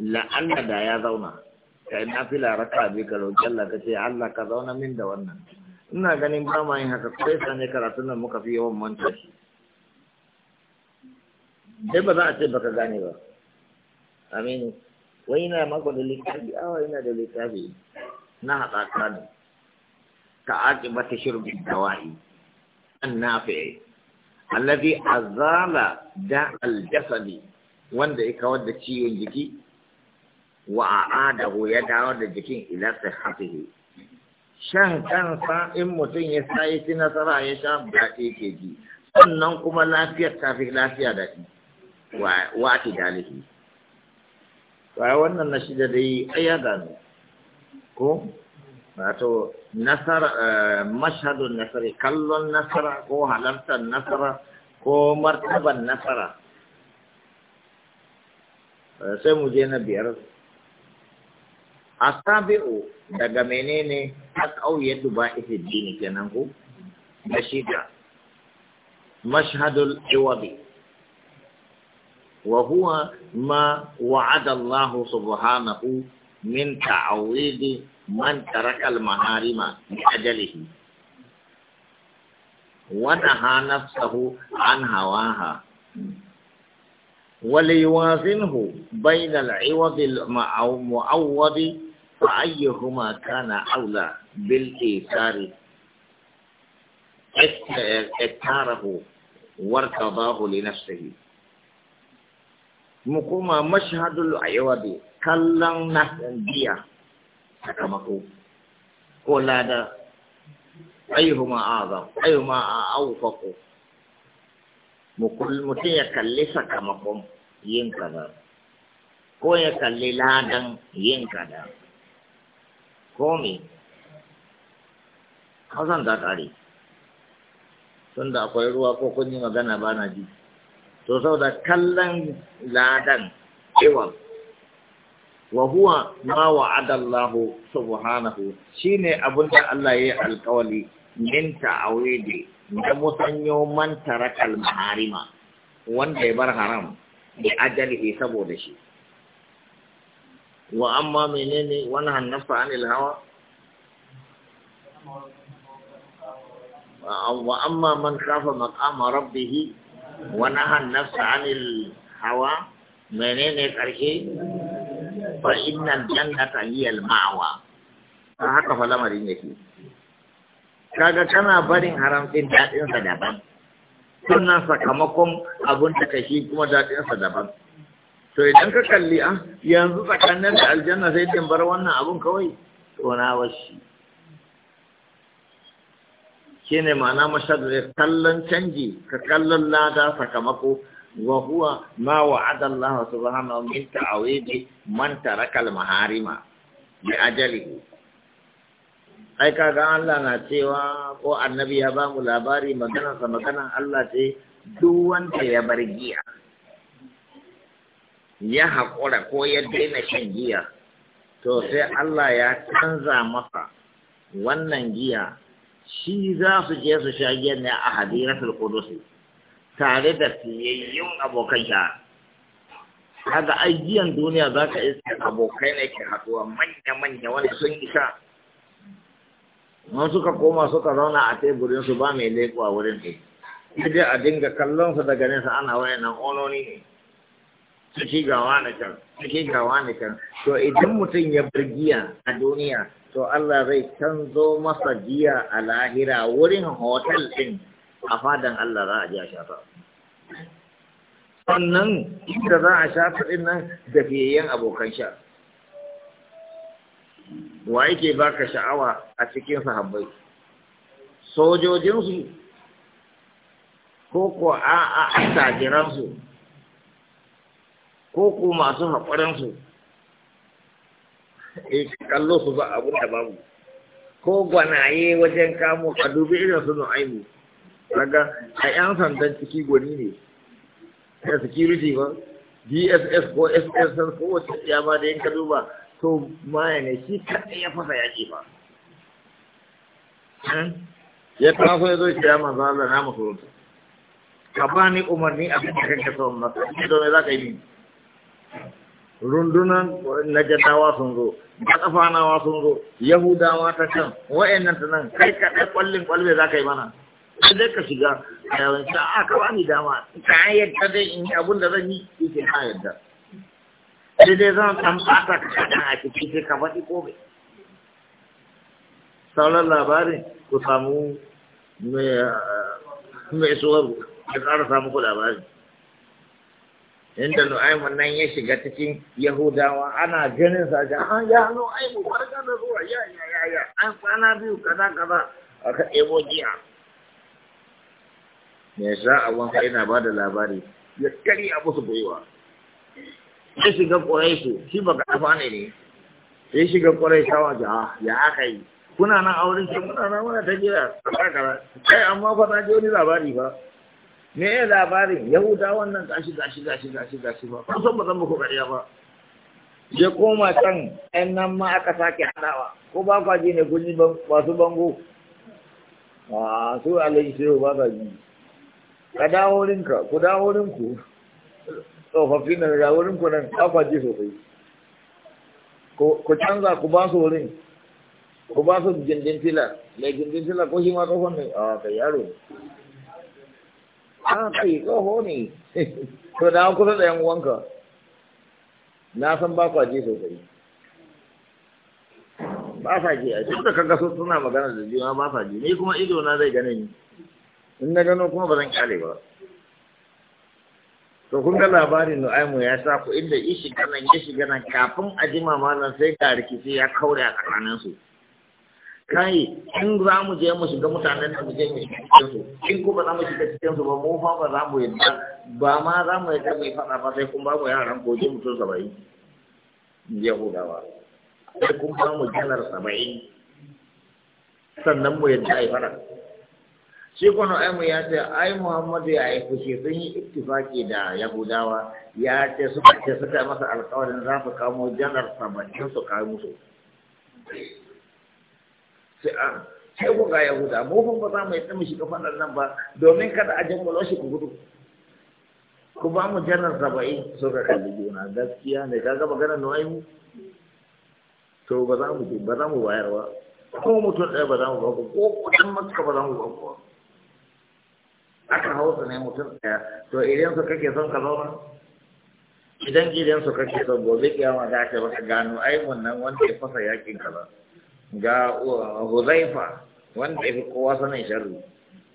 la'alla da ya zauna kai na fila raka a biyu ka roƙi Allah ka ce Allah ka zauna min da wannan ina ganin ba ma yin haka kai sa ne karatun nan muka fi yawan manta shi dai ba za a ce baka gane ba aminu wai yana mako da littafi awa ah, yana da littafi na haɗaka ne ka aki bata shirbin dawa'i an nafi a azala da aljasadi wanda ya kawar da ciwon jiki wa a a'adahu ya dawo da jikin ila sihhatihi shan kansa in mutum ya sa yi ci nasara ya sha daɗi ke ji sannan kuma lafiyar tafi lafiya daɗi wa ati dalihi a wannan na shida dai aya gano ko wato nasara eh, mashadun nasara kallon nasara ko halartar nasara ko martaban nasara eh, sai mu je na biyar a sabi'u daga menene ta kauye duba ifidini kenan ku da shida mashadun iwabi وهو ما وعد الله سبحانه من تعويض من ترك المحارم لأجله ونهى نفسه عن هواها وليوازنه بين العوض المعوض فأيهما كان أولى بالإيثار اختاره وارتضاه لنفسه mu koma mashahadul ayyawadi kallon na biya sakamako ko lada ayyuhuma azam ayyuhuma awfaqu mutum ya kalli sakamakon yin kaza ko ya kalli ladan yin kaza ko me Hassan da tare tunda akwai ruwa ko kun yi magana ba na ji to saboda kallon ladan iwam wa huwa ma wa'ada Allah subhanahu shine abinda Allah ya alƙawari min ta'awidi da musanyo man tarakal maharima wanda ya bar haram bi ajalihi saboda shi wa amma menene wani hannafa an hawa wa amma man kafa maqama rabbihi Wani Hawa, ne النفس عن الهوى منين كرشي فإن الجنة هي المأوى فهكا فلما yake kaga kana barin haramcin daɗinsa daban sannan sakamakon abun takashi kuma daɗinsa daban to idan ka kalli yanzu tsakanin da aljanna sai bar wannan abun kawai to na washi shi ne ma'ana mashadar kallon canji ka kallon lada sakamako wa huwa ma wa'ada Allah subhanahu min ta'awidi man taraka al-maharima bi ajali ai kaga Allah na cewa ko annabi ya bamu labari magana sa magana Allah ce duk wanda ya bar giya ya haƙura ko ya daina shan giya to sai Allah ya canza masa wannan giya shi za su je su sha giyan ne a hadiratul qudusi tare da siyayyun abokan ka kaga ajiyan duniya za ka isa abokai ne ke haɗuwa manya-manya wanda sun isa Mun suka koma suka zauna a teburin su ba mai lekuwa wurin Su Sai a dinga kallon su daga nesa ana wayannan ononi ne. ciki ga wani can to idan mutum ya bar giya a duniya to Allah zai canzo masa jiya a lahira wurin hotel din a fadan Allah za a ji a shafa sannan inda za a shafa din nan da fiyayyen abokan sha wa yake baka sha'awa a cikin sahabbai sojojinsu ko ko a tajiransu ko ku masu haƙurinsu e kallo su ba abun da babu ko gwanaye wajen kamo a dubi irin su aini. daga a 'yan sandan ciki gwani ne da security ba dss ko ss ko wata ya ba da yanka duba to maya ne shi kaɗai ya fasa yaƙi ba hmm? ya taso ya zo shi ya manzo Allah na musulunta ka ba ni umarni a kan kanka sau masa ita domin za ka yi ne rundunan jadawa sun zo da kafanawa sun zo yahudawa ta can wa'annan ta nan kai ka ɗai ƙwallin ƙwalbe za ka yi mana sai dai ka shiga a yawanci a ka ba ni dama ka yadda zai in abin da zan yi ke ta yadda sai dai zan san fata ka kaɗan a ciki sai ka faɗi ko bai sauran labarin ku samu mai eh, suwaru ya ƙara samu ku labarin inda nu'aimun nan ya shiga cikin yahudawa ana ganin sa ga ah, an ya nu'aimu farka da zuwa ya ya ya ya an kwana biyu kaza kaza aka ɗebo jiya me sa abun fa yana ba da labari ya kari abu su gwiwa ya shiga su, shi ba ka afa ne ne ya shiga ƙwaraisawa ga ah, ya aka yi kuna nan auren shi muna nan muna ta jira kaza kaza kai amma fa na ji wani labari ba. me ya labarin yahuda wannan gashi gashi gashi gashi gashi ba kan san ba zan muku gariya ba ya koma can ɗan nan ma aka sake haɗawa ko ba kwa ji ne kun ji masu bango a su alayi sai ba ka ji ka dawo wurinka ku dawo wurinku tsofaffi na da wurinku nan ba kwa ji sosai ku canza ku ba su wurin ku ba su gindin fila mai gindin fila ko shi ma tsohon ne a kai yaro an ah, kai tsoho ne to da kusa da yan uwanka na san ba kwa je sosai ba sa je a cikin da kanka so suna magana da juna ba sa je ni kuma ido na zai gane ni in na gano kuma ba zan kyale ba to kun ga labarin Nu'aimu ya sa ku inda ishi kanan ya shiga nan kafin a jima malam sai ga rikici ya kaure a tsakaninsu su kai in za mu je mu shiga mutanen da mu je mu shiga cikin su in kuma za mu shiga cikin su ba mu fa ba za mu yadda ba ma za mu yadda mu fada ba sai kun ba mu yaran ko mu tun saba'in yahudawa sai kun ba mu janar saba'in sannan mu yadda a yi faɗa shi kwano ai mu ya ce ai muhammadu ya yi fushi sun yi ittifaki da yahudawa ya ce suka ce suka masa alkawarin za su kamo janar saba'in su kawo musu sai a ah, sai ku ga yahuda mu fa ba za mu yi mishi kafan nan ba domin kada a jangwalo shi ku gudu ku ba mu janar saba'in ka kalli juna gaskiya ne magana no ayu to ba za mu ba za mu bayar ba ko mutum ɗaya ba za mu ba ku ko mu maka ba za mu ba ku aka hausa ne mutum ɗaya to idan su kake son ka zauna idan gidan su kake son gobe kiyama da ake baka gano ai wannan wanda ya fasa yakin kaza ga uh, huzaifa wanda ya fi kowa sanin sharri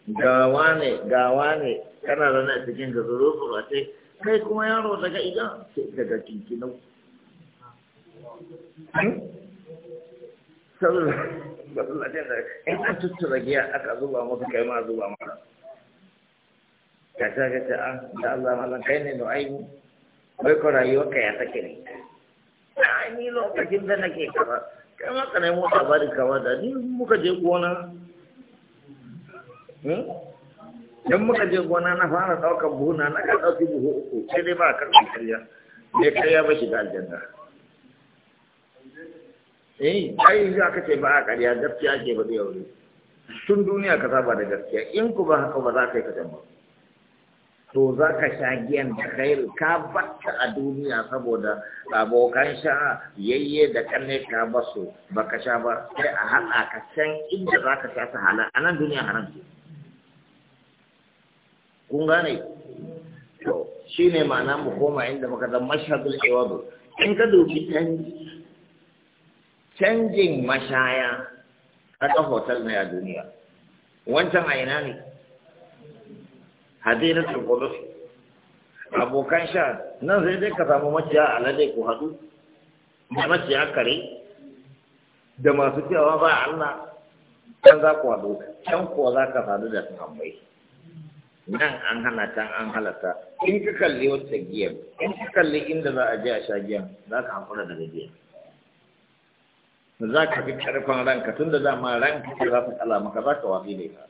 gawa ne gawa ne kana zana a cikin ga tsoro tsoro ce kai kuma yaro daga iga daga kinkinau hmm? sallatin da in an tuttura giya aka zuba musu kai ma zuba maka ka ta ka ta an ah, da Allah malan kai ne nu'aimu bai ko rayuwar ka ya take ne ah, ni lokacin da nake kaza kai ma ka nemo labarin kama da ni muka je gona Yan hmm? muka je gona na fara ɗaukar buhu na ka ɗauki buhu uku sai dai ba a karɓi karya ne karya ba shiga aljanna eh ai za ka ce ba a karya gaskiya ke ba zai ne. tun duniya ka saba da gaskiya in ku ba haka ba za ka yi ka ba to za ka sha giyan da khairu ka batta a duniya saboda abokan sha yayye da kanne ka basu ka sha ba sai a haɗa ka can inda za ka sha ta hana a nan duniya haram ce kun gane to shine ma'ana mu koma inda muka zan mashhadul iwadu in ka dubi canji canjin mashaya ka hotel ne a duniya wancan a ina ne hadinatul qudus abokan sha nan sai dai ka samu maciya a lade ku hadu da maciya kare da masu cewa ba Allah can za ku hadu can kuwa za ka sadu da sahabbai nan an hana can an halatta in ka kalli wata giyar in ka kalli inda za a je a sha giyar za ka haƙura daga giyar za ka fi karfin ranka tun da dama ranka ce za su kala maka za ka wafi ne ka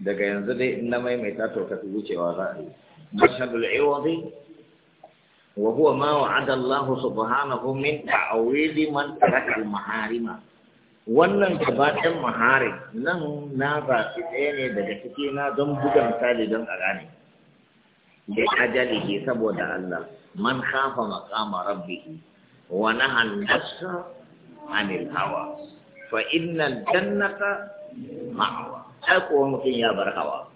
daga yanzu dai in na maimaita to ka fi wucewa za a yi mashhadul iwadi wa huwa ma wa'ada Allah subhanahu min ta'awili man taraka maharima wannan gabaɗin maharin nan na zaɓi ɗaya ne daga ciki na don buga misali don a gane da ajali ke saboda Allah man kafa maqama rabbihi wa naha an-nafsa anil hawa fa innal jannata ma'wa ai kuwa mutum ya bar hawa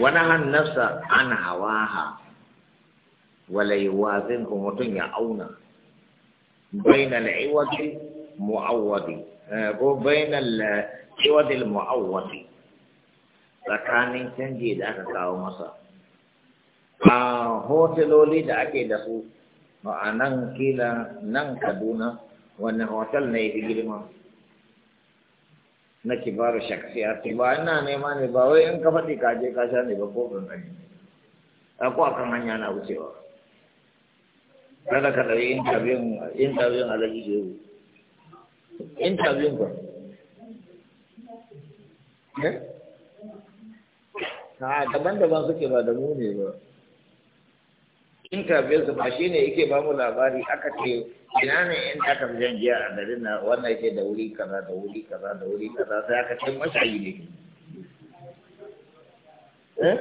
wani hannarsa an hawa ha, walai wazin ku mutum ya auna bainal iwadi mu'awwadi eh, ko bainal eh, iwadi mu'awwadi tsakanin canji da aka kawo masa a hoteloli da ake da su ma'anan kila nan kaduna wani hotel na yi girma na kibaru shaksiyati ba ina nema ne ba wai in ka faɗi ka je ka sha ne ba ko kankani a ko akan hanya na wucewa kada ka ɗari intabiyun alaji shehu intabiyun ba eh daban-daban suke ba da mu ne ba interview su ba shine yake ba mu labari aka ce ina ne in aka fi jiya a garin na wannan yake da wuri kaza da wuri kaza da wuri kaza sai aka ce masa yi ne eh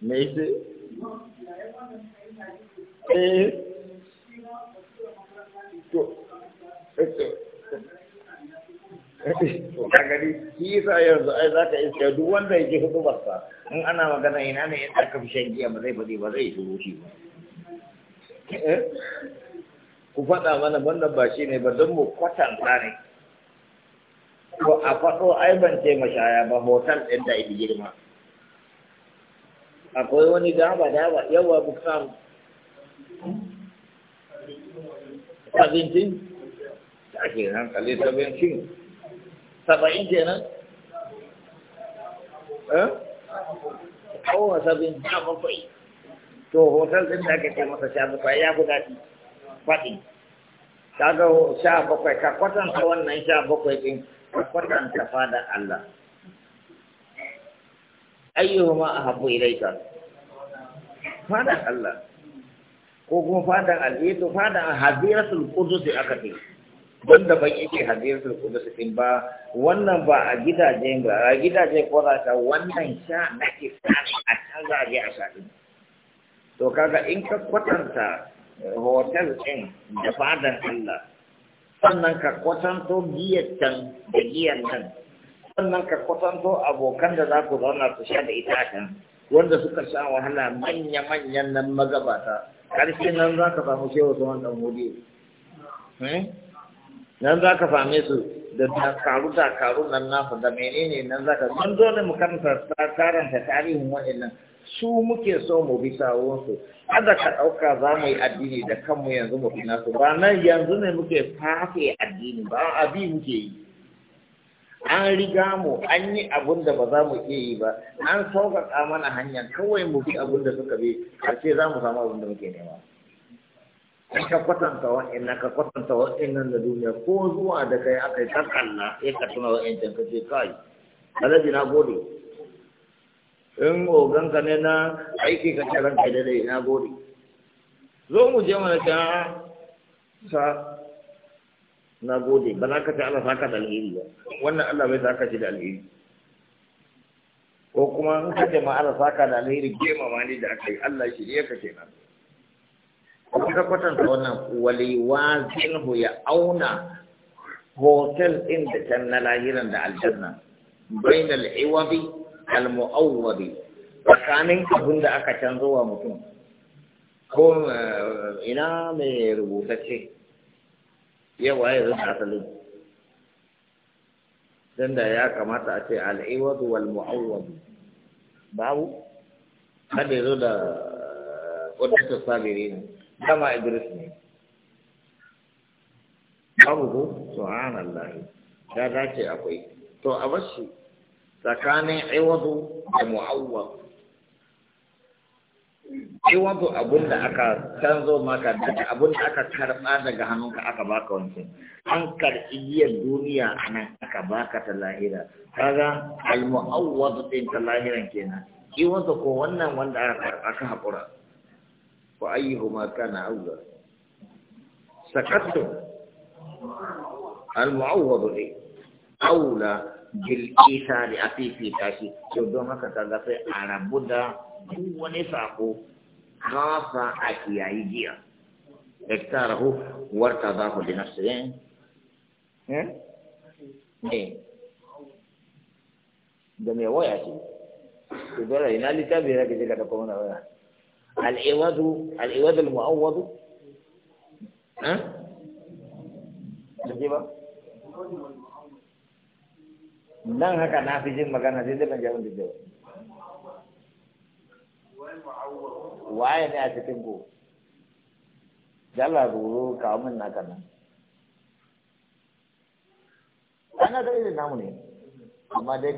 me eh to eh, ka gani shi yasa yanzu ai zaka iska duk wanda yake hukumar sa in ana magana ina ne yadda aka fi shan giya ba zai fadi ba zai shiru shi ba eh? ku faɗa mana wannan ba shi ne ba don mu kwatanta ne ko a faɗo ai ban ce mashaya ba hotel ɗin da ibi girma akwai wani daba daba yawa bukam abincin da ake hankali sabincin saba'in kenan eh kowa saba'in da bakwai to hotel din da ake ce masa sha bakwai ya guda faɗi kaga sha bakwai ka kwatanta wannan sha bakwai din ka kwatanta fadar Allah ayyuhuma ahabbu ilayka fadar Allah ko kuma fadan alheri eh, fadan hadiratul qudus aka ce baki ban yake hadisul da din ba wannan ba a gidaje ba a gidaje ko da ta wannan sha ke sani a canza ga a je a sani to kaga in ka kwatanta eh, hotel din da fadan Allah sannan ka kwatanto giyar can da giyar nan sannan ka kwatanto abokan da za ku zauna ku sha da ita can wanda suka sha wahala manya-manyan nan magabata ƙarshen nan za ka samu shewa su wannan hudu nan za ka same su da takaru takaru nan nasu da menene nan za ka zo ne mu karanta karanta tarihin waɗannan su muke so mu bi sawunsu kada ka ɗauka za mu yi addini da kanmu yanzu mu bi nasu ba nan yanzu ne muke fafe addini ba bi muke yi an riga mu an yi abun da ba za mu iya yi ba an sauƙaƙa mana hanya kawai mu bi abun da suka bi a ce za mu samu abun da muke nema in ka kwatanta wa'in ka kwatanta wa'in nan da duniya ko zuwa da kai aka yi kakalla ya ka tuna wa'in can ka ce kai alaji na gode in ogan ka ne na aiki ka ce ranka da dai na gode zo mu je mana ta sa na gode ba za ka ce Allah saka da alheri ba wannan Allah bai saka shi da alheri ko kuma in ka ce ma Allah saka da alheri gema ma ne da aka yi Allah shi ne ya ka ce na ka kwatanta wannan waliwa zilhu ya auna hotel ɗin da can na lahiran da aljanna bain al'iwabi al-mu'awwabi tsakanin abin da aka canzo wa mutum ko eh, ina mai ce yawa ya zan asalin dan da ya kamata a ce al'iwadu wal mu'awwabi. babu kada ya zo da ƙudatar eh, ta sabirin dama Idris ne babu ko subhanallah da za ce akwai to a bashi tsakanin iwadu da mu'awwa. iwadu abun da aka canzo maka da abun da aka karba daga hannunka aka baka wancan an karɓi iyar duniya a nan aka baka ta lahira kaga al-mu'awwad din ta lahiran kenan iwadu ko wannan wanda aka haƙura فأيهما كان أولى سكتتم المعوض لي إيه؟ أولى بالإيثار في تاشي يودوما كتغفي على هو ونساقو خاصة أكيائيجيا اختاره وارتضاه لنفسه ايه ايه ده إيه. ميوايا شيء يقول لنا اللي تابع لك كده كده كده العوض العوض المعوض ها نجيبه nan haka na fi jin magana sai dai ban jawon waye ne a cikin go jalla kawo min naka nan ana da irin namu ne amma dai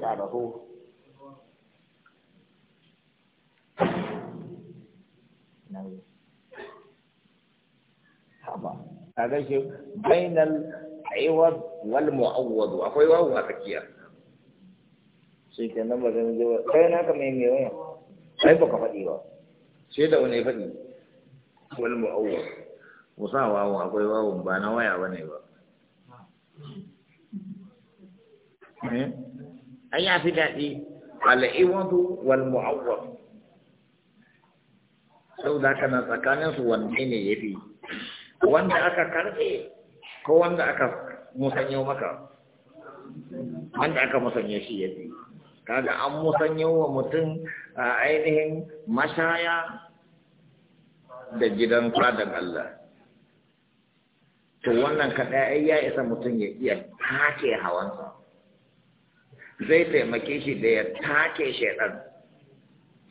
nauyi haba kaga shi bainal aiwad wal mu'awwad akwai wawu a tsakiya sai kenan ba zan je ba kai na ka mai mai waya sai ka faɗi ba sai da wani faɗi wal mu'awwad musa wawu akwai wawu ba na waya ba ne ba eh ai ya fi daɗi al-iwadu wal mu'awwad sau haka nan tsakanin su wanne ne ya fi? wanda aka karbe ko wanda aka musanyo maka wanda aka musanyo shi fi. kaga an musanyo wa mutum a ainihin mashaya da gidan fadan Allah to wannan kaɗai ya isa mutum ya iya take hawansa zai taimake shi da ya take shaidan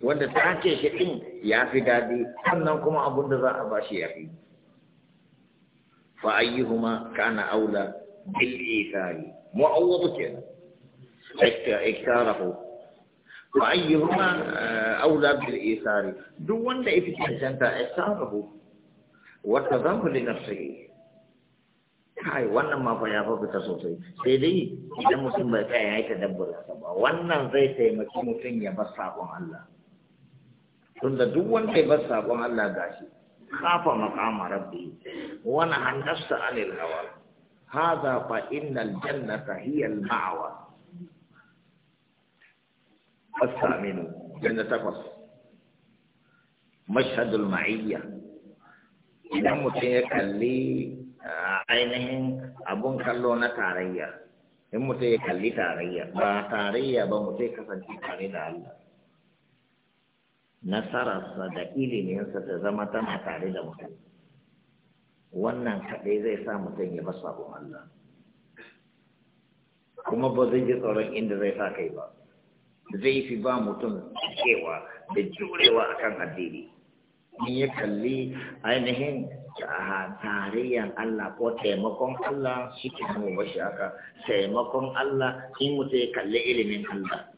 wanda ta ce shi ɗin ya fi daɗi sannan kuma abin da za a ba shi ya fi fa'ayyuhuma kana aula bil ikari mu'awwadu kenan iktarahu fa'ayyuhuma eh, aula bil ikari duk wanda ya fi cancanta iktarahu wata zan kuli nafsihi kai wannan ma fa ya fa fita sosai sai dai idan mutum bai tsaya ya yi tadabbur ba wannan zai taimaki mutum ya bar sabon Allah tunda duk wanda ya bar sabon Allah gashi khafa maqama rabbi wa nahana nafsa anil hawa hadha fa innal jannata hiya al ma'wa as-saminu janna tafas mashhad al ma'iyya idan mutum ya kalli ainihin abun kallo na tarayya in mutum ya kalli tarayya ba tarayya ba mutum ya kasance tare da Allah nasararsa da iliminsa ta zama tana tare da mutum wannan kaɗai zai sa mutum ya basa Allah kuma ba zai ji tsoron inda zai sa kai ba zai fi ba mutum cewa da jurewa akan addini in ya kalli ainihin tarayyan Allah ko taimakon Allah shi ke mu bashi haka taimakon Allah in mutum ya kalli ilimin Allah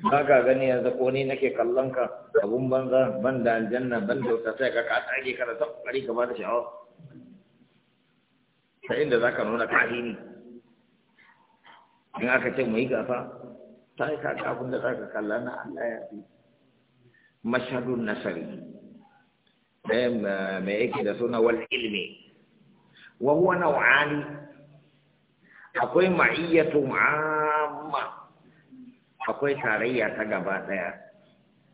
ba ka gani yanzu ko ni nake kallon ka abun banza ban da aljanna ban da wuta sai ka kasa ake kana ta kokari ka ba da sha'awa ta inda za ka nuna kahi ne in aka ce mu yi gafa ta yi kaka abin da za ka kalla na Allah ya fi mashadun nasari ɗaya mai yake da suna wal ilmi wa huwa nau'ani akwai ma'iyyatu ma'a akwai tarayya ta gaba ɗaya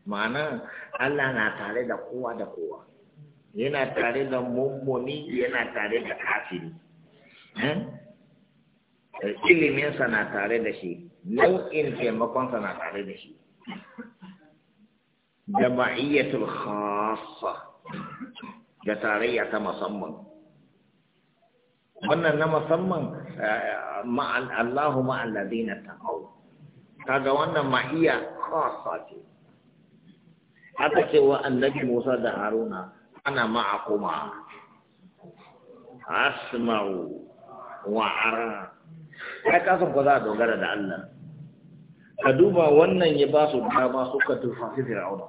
ma'ana Allah na tare da kowa da kowa yana tare da mummuni yana tare da kafiri eh? Eh, iliminsa na tare da shi nau'in taimakonsa na tare da shi da ma'iyyatul khassa da tarayya ta musamman wannan na musamman eh, ma'al Allahu ma'al ladina taqaw kaga wannan mahiya khassa ce Haka cewa annabi Musa da Haruna ana ma'akuma asma'u wa ara kai ka san ko za a dogara da Allah ka duba wannan ya ba su dama suka tufa fi fir'auna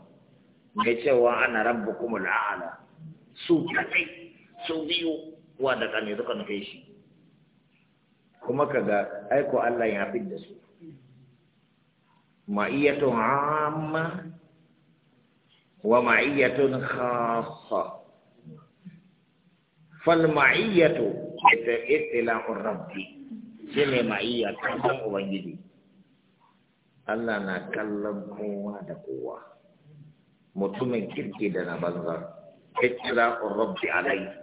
mai cewa ana rabbukumul a'la su kadai su biyu wa da kane suka nufe shi kuma kaga aiko Allah ya fidda su معية عامة ومعية خاصة فالمعية إلى الرب سنة معية تعلم وجدي الله نكلم قوة قوة متوم كيف كده نبذر إلى الرب علي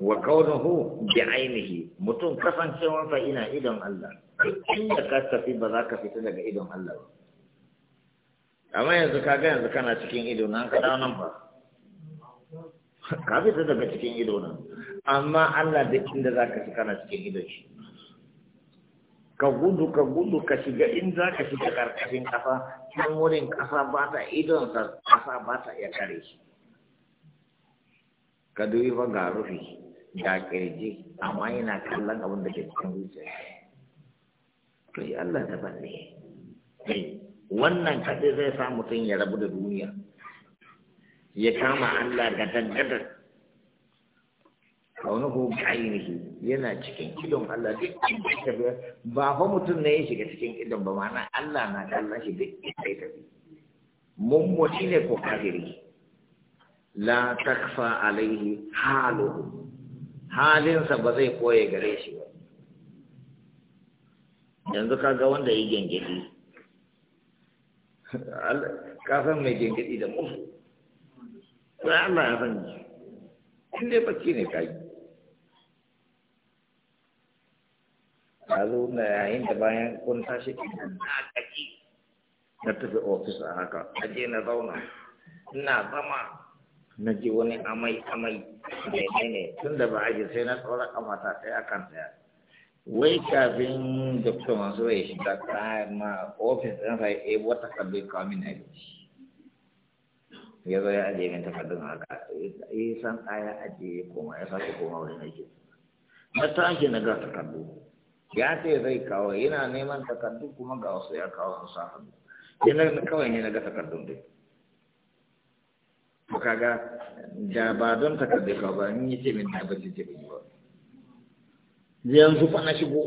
وكونه بعينه متوم كفن سوى فإنا إذن الله inda ka tafi ba za ka fita daga idon Allah ba amma yanzu ka ga yanzu kana cikin ido nan ka dawo nan ba ka fita daga cikin ido nan amma Allah da inda za ka fita kana cikin ido shi ka gudu ka gudu ka shiga in za ka shiga karkashin kafa can wurin kasa ba ta idon idonsa kasa ba ta iya kare shi ka duyi ba ga rufi ga kirji amma yana kallon abin da ke cikin zuciya to yi Allah daban ne wannan kaɗai zai sa mutum ya rabu da duniya ya kama Allah gadan-gadan hukun ainihi yana cikin idon Allah duk tafiya ba fa mutum ne ya shiga cikin idon ba ma'ana Allah na kallon shi duk ita tafiya. tafi mummuni ne ko kafiri la takfa alaihi halu. halinsa ba zai koye gare shi ba yanzu ka ga wanda yi gengedi kasan mai gengedi da musu sai Allah ya san ji in dai bacci ne kai a zo na yayin da bayan kun tashi kinan na gaji na tafi ofis a haka na je na zauna ina zama na ji wani amai amai mai ne tun da ba a ji sai na tsoron kamata ɗaya kan ɗaya wai kafin doktor masu ya shiga kayan ma ofis ɗin sa ya wata kalli kamin na gaji ya zo ya ajiye min takardun haka ya san kaya ajiye koma ya sake koma wani aiki na tashi na ga takardu ya ce zai kawo yana neman takardu kuma ga wasu ya kawo su sa hannu yana kawai ne na ga takardun dai to kaga da ba don takardu kawo ba in ce min na ba ce ce ba yanzu fa na shigo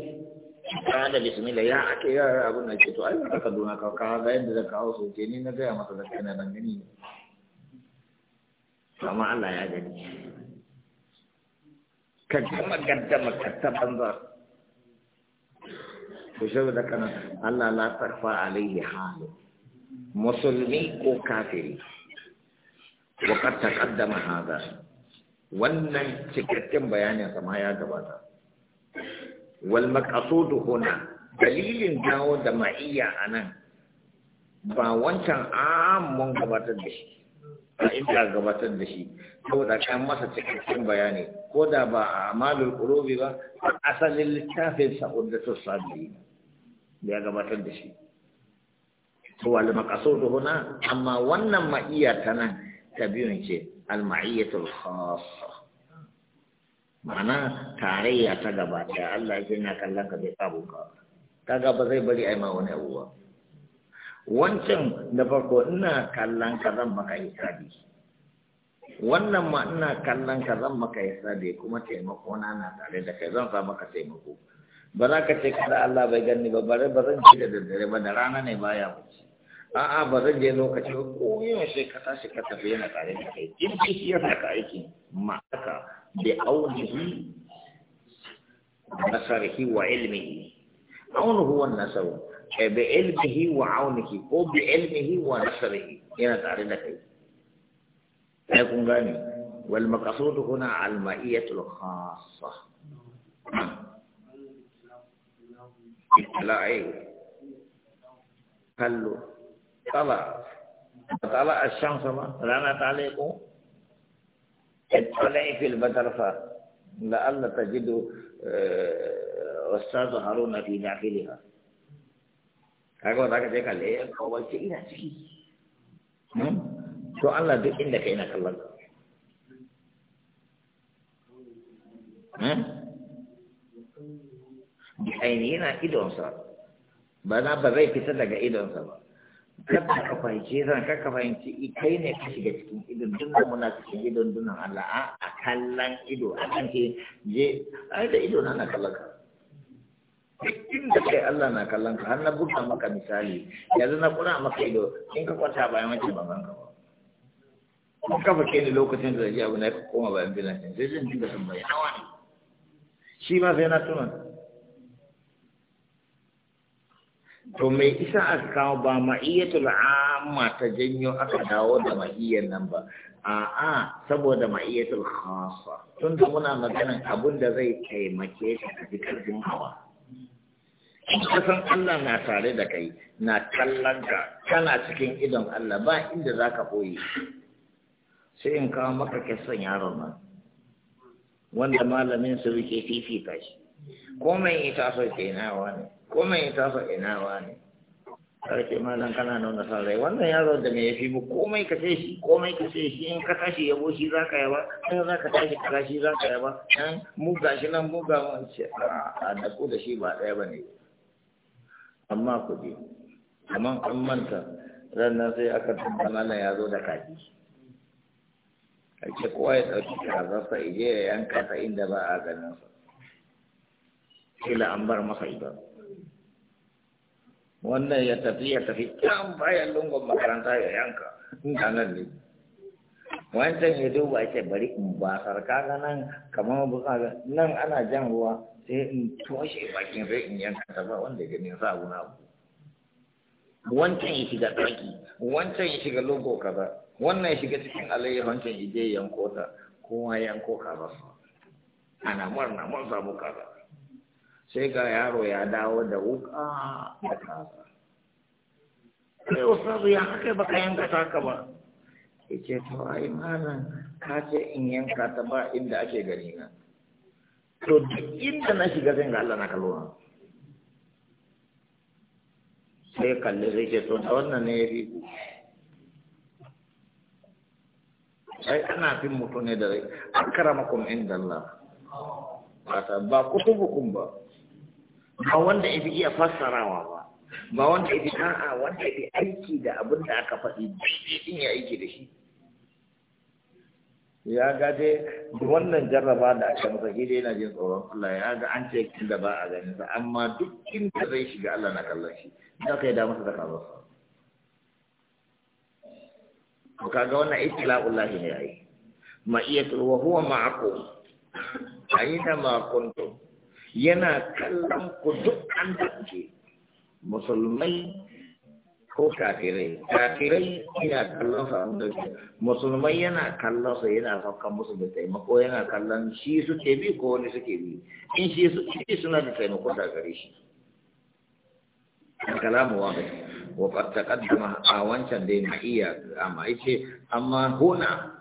ka da bismillah ya ake yara abin da ke to ai ka kaduna ka ka ga yadda da kawo su ce ni na gaya masa da kana nan gani amma Allah ya gani ka gama gadda ka ta banza ko shi da kana Allah la tarfa alaihi halu musulmi ko kafiri wa qad taqaddama hada wannan cikakken bayanin sama ya gabata wal maqasudu huna dalilin dawo da ma'iyya anan ba wancan mun gabatar da shi a inda gabatar da shi saboda kan masa cikakken bayani ko da ba a amalul qurubi ba asalin littafin sa'udatu sabiin da ya gabatar da shi to wal maqasudu huna amma wannan ma'iyya ta nan ta biyun ce al ma'iyatul khassah ma'ana tarayya ta gaba ɗaya Allah ya na kallon ka bai sabo ka ga ba zai bari a yi ma wani abu ba wancan da farko ina kallon ka zan maka hisabi wannan ma ina kallon ka zan maka hisabi kuma taimako na na tare da kai zan sa maka taimako ba za ka ce kada Allah bai gani ba bare ba zan ci da daddare ba da rana ne baya wuce a'a ba zan je lokaci ba ko sai ka tashi ka tafi yana tare da kai in ki shi yana ka aiki aka bi aunihi nasarihi wa ilmihi aunuhu wa nasaru bi ilmihi wa aunihi ko bi ilmihi wa nasarihi yana tare da kai ai kun gane wal maqsud huna al ma'iyatul khassa la ai kallo طلع طلع الشمس رانا تعليق اطلع في البدر لعل تجد أستاذ هارون في داخلها kaga wanda aka je kalle ya kawace ina ciki to Allah duk inda kai ina kallon ka bi aini yana idonsa ba na ba zai fita daga idonsa ba kada ka fahimci zan ka fahimci kai ne ka shiga cikin ido, idon dunnan muna cikin idon dunnan Allah a kallon ido a kan ce je ai da ido na na kallon ka inda kai Allah na kallon ka har na buga maka misali yanzu na kura maka ido in ka kwanta bayan wancan baban ka ba kun kafa ke ni lokacin da zai abu na ya koma bayan bilan sai zan dinga tambaya nawa ne shi ma sai na tuna to me isa aka kawo ba ma'iyyatul amma ta janyo aka dawo da ma'iyyar nan ba a'a saboda ma'iyyatul khasa. tun da muna maganin abun da zai taimake ka ji karfin hawa In ka san Allah na tare da kai na kallon ka kana cikin idon Allah ba inda za ka ɓoye sai in kawo maka kyasan yaron nan wanda malamin su rike fifita shi komai ita so ke wa ne komai ita so wa ne sarki malam kana nuna sa rai wannan yaro da me yafi mu komai ka sai shi komai ka sai shi in ka tashi yabo shi za ka yaba in za ka tashi ka shi za ka yaba An mu ga shi nan mu ga mu ce ah, a da ku da shi ba ɗaya ba ne amma ku je amma an manta ranar sai aka tabba malam ya zo da kaki ake kowa ya ɗauki kazarsa ije ya yanka ta inda ba a ganin sa kila an bar masa ita wannan ya tafi ya tafi can bayan lungon makaranta ya yanka a nan ne wancan ya duba ce bari in basar kaga nan kamar bukaga nan ana jan ruwa sai in toshe bakin sai in yanka ta ba wanda gani sa abu na wancan ya shiga tsaki wancan ya shiga logo kaza wannan ya shiga cikin alayyi wancan ya je yanko ta kowa yanko kaza ana murna mun samu kaza sai ga yaro ya dawo da wuka a kasa sai ustazu ya haka baka yanka taka ba yace to yi malam ka ce in yanka ta ba inda ake gani na to duk inda na shiga zan ga Allah na kalwa. sai kalli sai ce to da wannan ne ya fi Sai ana fi mutu ne da rai kuma inda Allah ba kutubukum ba ba wanda ya fi iya fassarawa ba ba wanda ya fi a'a wanda ya fi aiki da abin da aka faɗi daidai ya aiki da shi ya ga dai wannan jarraba da aka masa shi dai yana jin tsoron Allah ya ga an ce kin da ba a ganin sa amma duk inda zai shiga Allah na kallon shi da kai da masa da kazo to kaga wannan itla'ullahi ne yayi ma'iyatul wa huwa ma'akum aina ma kuntum yana kallon ku duk an dace musulmai ko kafirai kafirai yana kallon sa an dace musulmai yana kallon sa yana sauka musu da taimako yana kallon shi suke bi ko wani suke bi in shi suke suna da taimako da gare shi kalamu wa kaddama a wancan dai na iya amma ce amma huna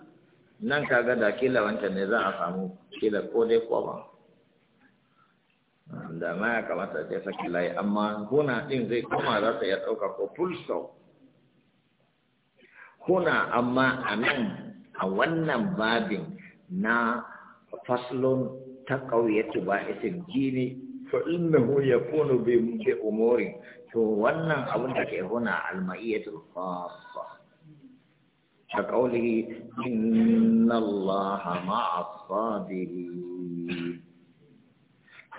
nan kaga da kila wancan ne za a samu kila ko dai ko da ma ya kamata ta saki layi amma kuna din zai koma za ta iya ɗauka ko pulso kuna amma a nan a wannan babin na faslon ta ƙauyatu ba isin gini fa innahu ya kunu bi mutu umuri to wannan abin da ke huna almaiyatul khassa ka qawli inna allaha ma'as sabirin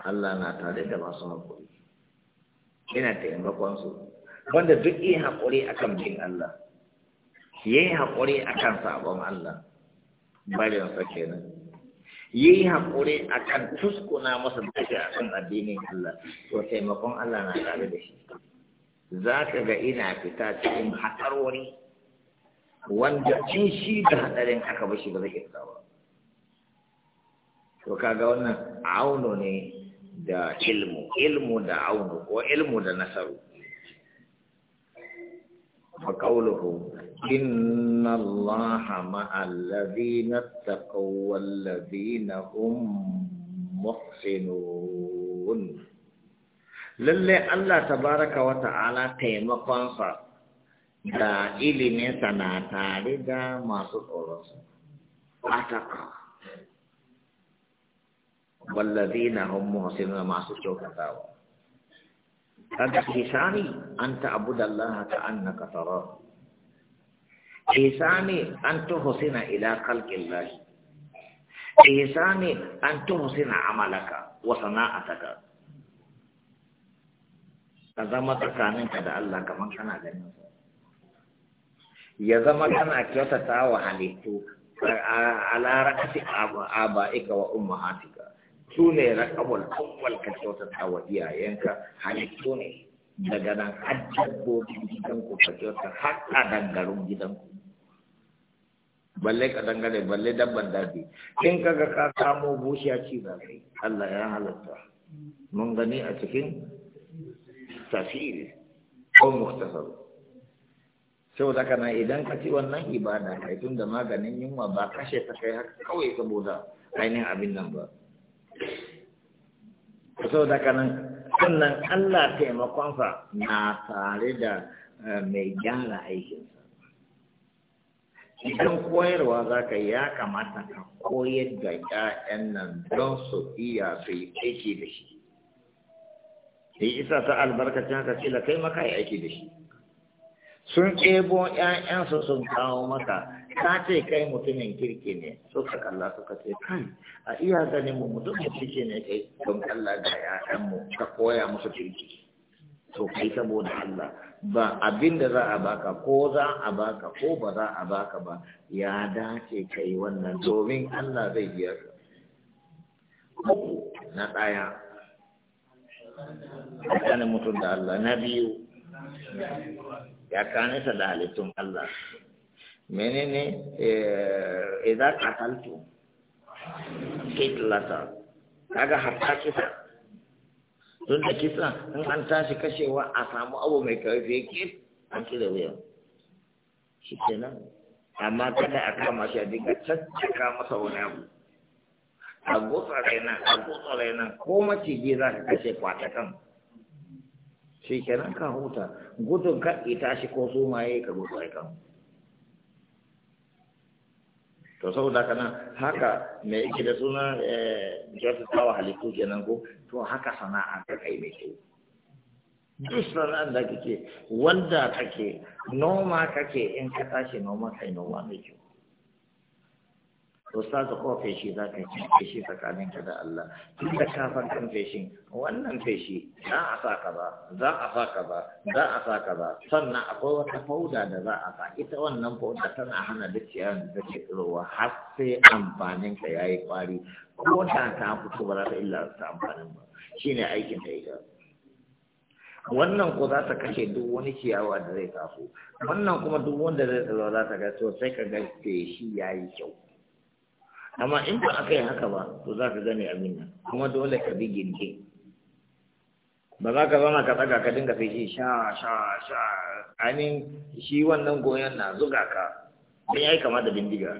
Allah na tare da masu haƙuri yana taimakon su wanda duk yi haƙuri akan bin Allah yi haƙuri akan sabon Allah barin sa kenan yi haƙuri akan tuskuna masa a akan addinin Allah to taimakon Allah na tare da shi za ka ga ina fita cikin hatsarori wanda in shi da hadarin aka bashi ba zai iya ba to kaga wannan auno ne da ilmu ilmu da aunu ko ilmu da nasaru fa qawluhu inna allaha ma'al ladina taqaw wal ladina lalle Allah tabaraka wa ta'ala taimakon sa da ilimin sa na tare da masu tsoron sa ataka والذين هم محسنون معصوم شوكتا هذا إحساني أن تعبد الله كأنك تراه إحساني أن تحسن إلى خلق الله إحساني أن تحسن عملك وصناعتك أزمة كانت قد الله كما كان عليه يزمة كان أكيوتا تاوى حليتو على رأس آبائك وأمهاتك su ne rakamul awwal ka ta wa iyayenka halittu ne daga nan har dabbobin gidanku ka kyauta har dangarun gidanku balle ka dangane, balle dabban daji in ka ga ka samo bushiya ci ba kai Allah ya halatta mun gani a cikin tafsiri ko muhtasar da kana idan ka ci wannan ibada kai tun da maganin yunwa ba kashe ta kai haka kawai saboda ainihin abin nan ba so da kanan sannan Allah taimakonsa na tare da eh, mai gyara aikinsa idan koyarwa za ka ya kamata ka koyar da ƴaƴan nan don su iya su yi aiki da shi yi isa ta albarkacin ka ce da kai maka yi aiki da shi sun ɗebo ƴaƴansu sun kawo maka ka ce kai mutumin kirki ne suka kalla suka ce kai a iya ganin mu mutumin kirki ne kai don kalla da yayan mu ka koya musu kirki to kai saboda Allah ba abin da za a baka ko za a baka ko ba za a baka ba ya dace kai wannan domin Allah zai biya na ɗaya tsakanin mutum da Allah na biyu ya kanisa da halittun Allah menene eh, idan kataltu kitlata kaga hatta kisa don da kisa in an tashi kashewa a samu abu mai karfi ke an kira wuya shi kenan amma kada a kama shi a dinga caccaka masa wani abu a gutsa raina a gutsa raina ko maciji za ka kashe kwata kan shi kenan ka huta gudun ka ita shi ko su maye ka gutsa kan to saboda kana haka me yake da suna eh, tawa halitu kenan ko to haka sana'a ta kai mai kyau duk sana'ar da kake wanda kake noma kake in ka tashi noma kai noma mai kyau to sa ka kofe feshi za ka yi feshi tsakanin ka da Allah tun da ka san feshin wannan feshi za a sa ka ba za a sa ka ba za a sa ka ba sannan akwai wata fauda da za a sa ita wannan fauda tana hana duk ciyawan da take tsirowa har sai amfanin ka yayi kwari ko da ta fito ba za ta illa ta amfanin ba ne aikin ta ita wannan ko za ta kashe duk wani ciyawa da zai taso wannan kuma duk wanda zai tsaro za ta ga sai ka ga feshi yayi kyau amma in ba aka yi haka ba to za ka gane abin nan kuma dole ka bi girge ba za ka zama ka tsaga ka dinga sai sha sha sha ainihin shi wannan goyon na zuga ka don ya yi kama da bindiga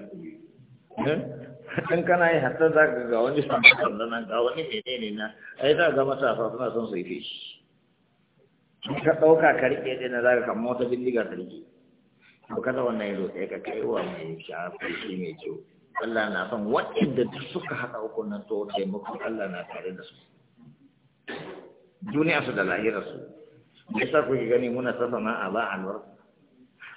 eh? in kana yi hatta za ka ga wani samun da nan ga wani ne ne na ai za ga matasa suna son su yi feshi in ka ɗauka ka riƙe ɗaya na za ka kama wata bindiga ka riƙe to kada wannan yi zo sai ka kai wa mai shafi mai kyau Allah na waɗanda duk suka haɗa uku nan to taimakon Allah na tare da su duniya su da lahira su me yasa kuke gani muna ta a ba albarka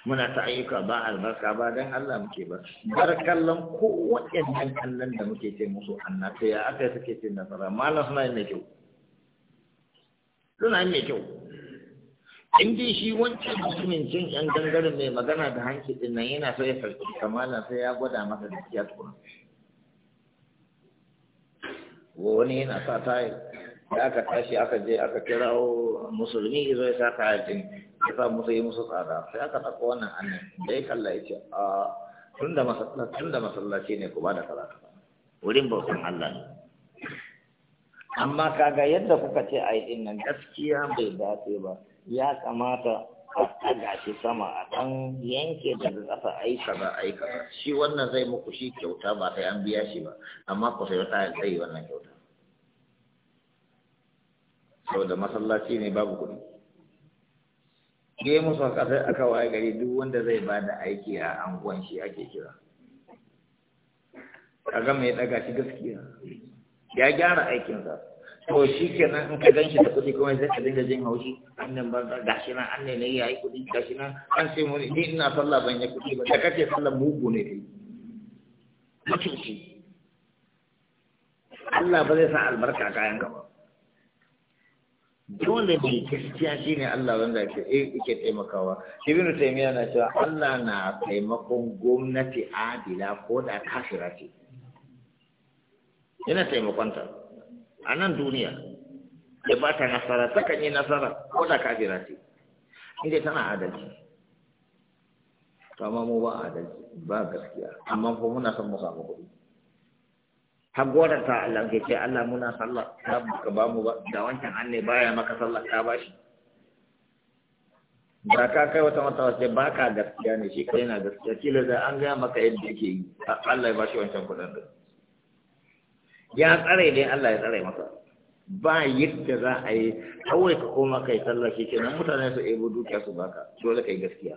muna ta ayyuka ba albarka ba dan Allah muke ba bar kallon ko waɗannan kallon da muke ce musu ta ya aka suke ce nasara malam suna yin mai kyau suna yin mai kyau in dai shi wancan mutumin cin yan gangaren mai magana da hanci din nan yana so ya sarki kamala sai ya gwada maka da gaskiya tukuna wani yana sa tayi da aka tashi aka je aka kirawo musulmi izo ya sa tayi din ya sa musu yi musu tsada sai aka tsaka wannan annan da ya kalla ya ce ah, a tun da masallaci ne ku ba da karatu wurin bautan Allah ne amma kaga yadda kuka ce a yi nan gaskiya bai dace ba ya kamata a ɗaga shi sama a ɗan yanke daga ƙasa a yi kaza a yi kaza shi wannan zai muku shi kyauta ba sai an biya shi ba amma ku sai wata zai yi wannan kyauta saboda masallaci ne babu kuɗi gemu musu kasar aka waye gari duk wanda zai ba da aiki a anguwan shi ake kira kaga mai ɗaga shi gaskiya ya gyara aikinsa to shi kenan in ka ganshi da kuɗi kuma sai ka dinga jin haushi annan ban gashi nan an ne ya yi kuɗi gashi nan an sai mu ni ina sallah ban yi kuɗi ba da kace sallah mugu ne kai mutunci Allah ba zai sa albarka kayan ba. dole mai gaskiya shi ne Allah wanda eh, yake taimakawa ibnu taymiya na cewa Allah na taimakon gwamnati adila ko da kafira ce yana taimakonta a nan duniya ya ba ta nasara takan yi nasara ko da kafira ce inda tana adalci amma mu ba adalci ba gaskiya amma ko muna son mu samu kuɗi gwada ta Allah ke ce Allah muna sallah ta ka ba mu ba da wancan an ne baya maka sallah ta ba shi ba ka kai wata wata wace ba ka gaskiya ne shi kai na gaskiya kila da an gaya maka yadda yake yi Allah ya ba shi wancan kuɗin da ya tsare ne Allah ya tsare masa ba yadda za a yi kawai ka koma kai tallafi shi kenan mutane su ebo dukiya su baka dole kai gaskiya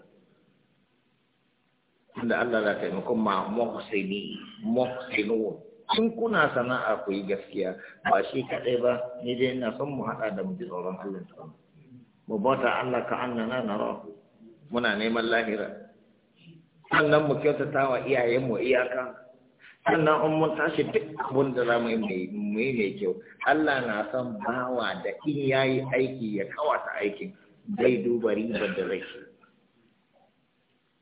inda Allah za ta yi makon ma muhsini muhsinun sun kuna sana'a ku yi gaskiya ba shi kadai ba ni dai ina son mu haɗa da mu ji tsoron Allah ta mu bauta Allah ka an na rahu muna neman lahira sannan mu kyautata wa iyayenmu iyaka sannan in mun tashi duk abin da za mu yi mai kyau Allah na san bawa da in ya yi aiki ya kawata aikin zai duba ribar da zai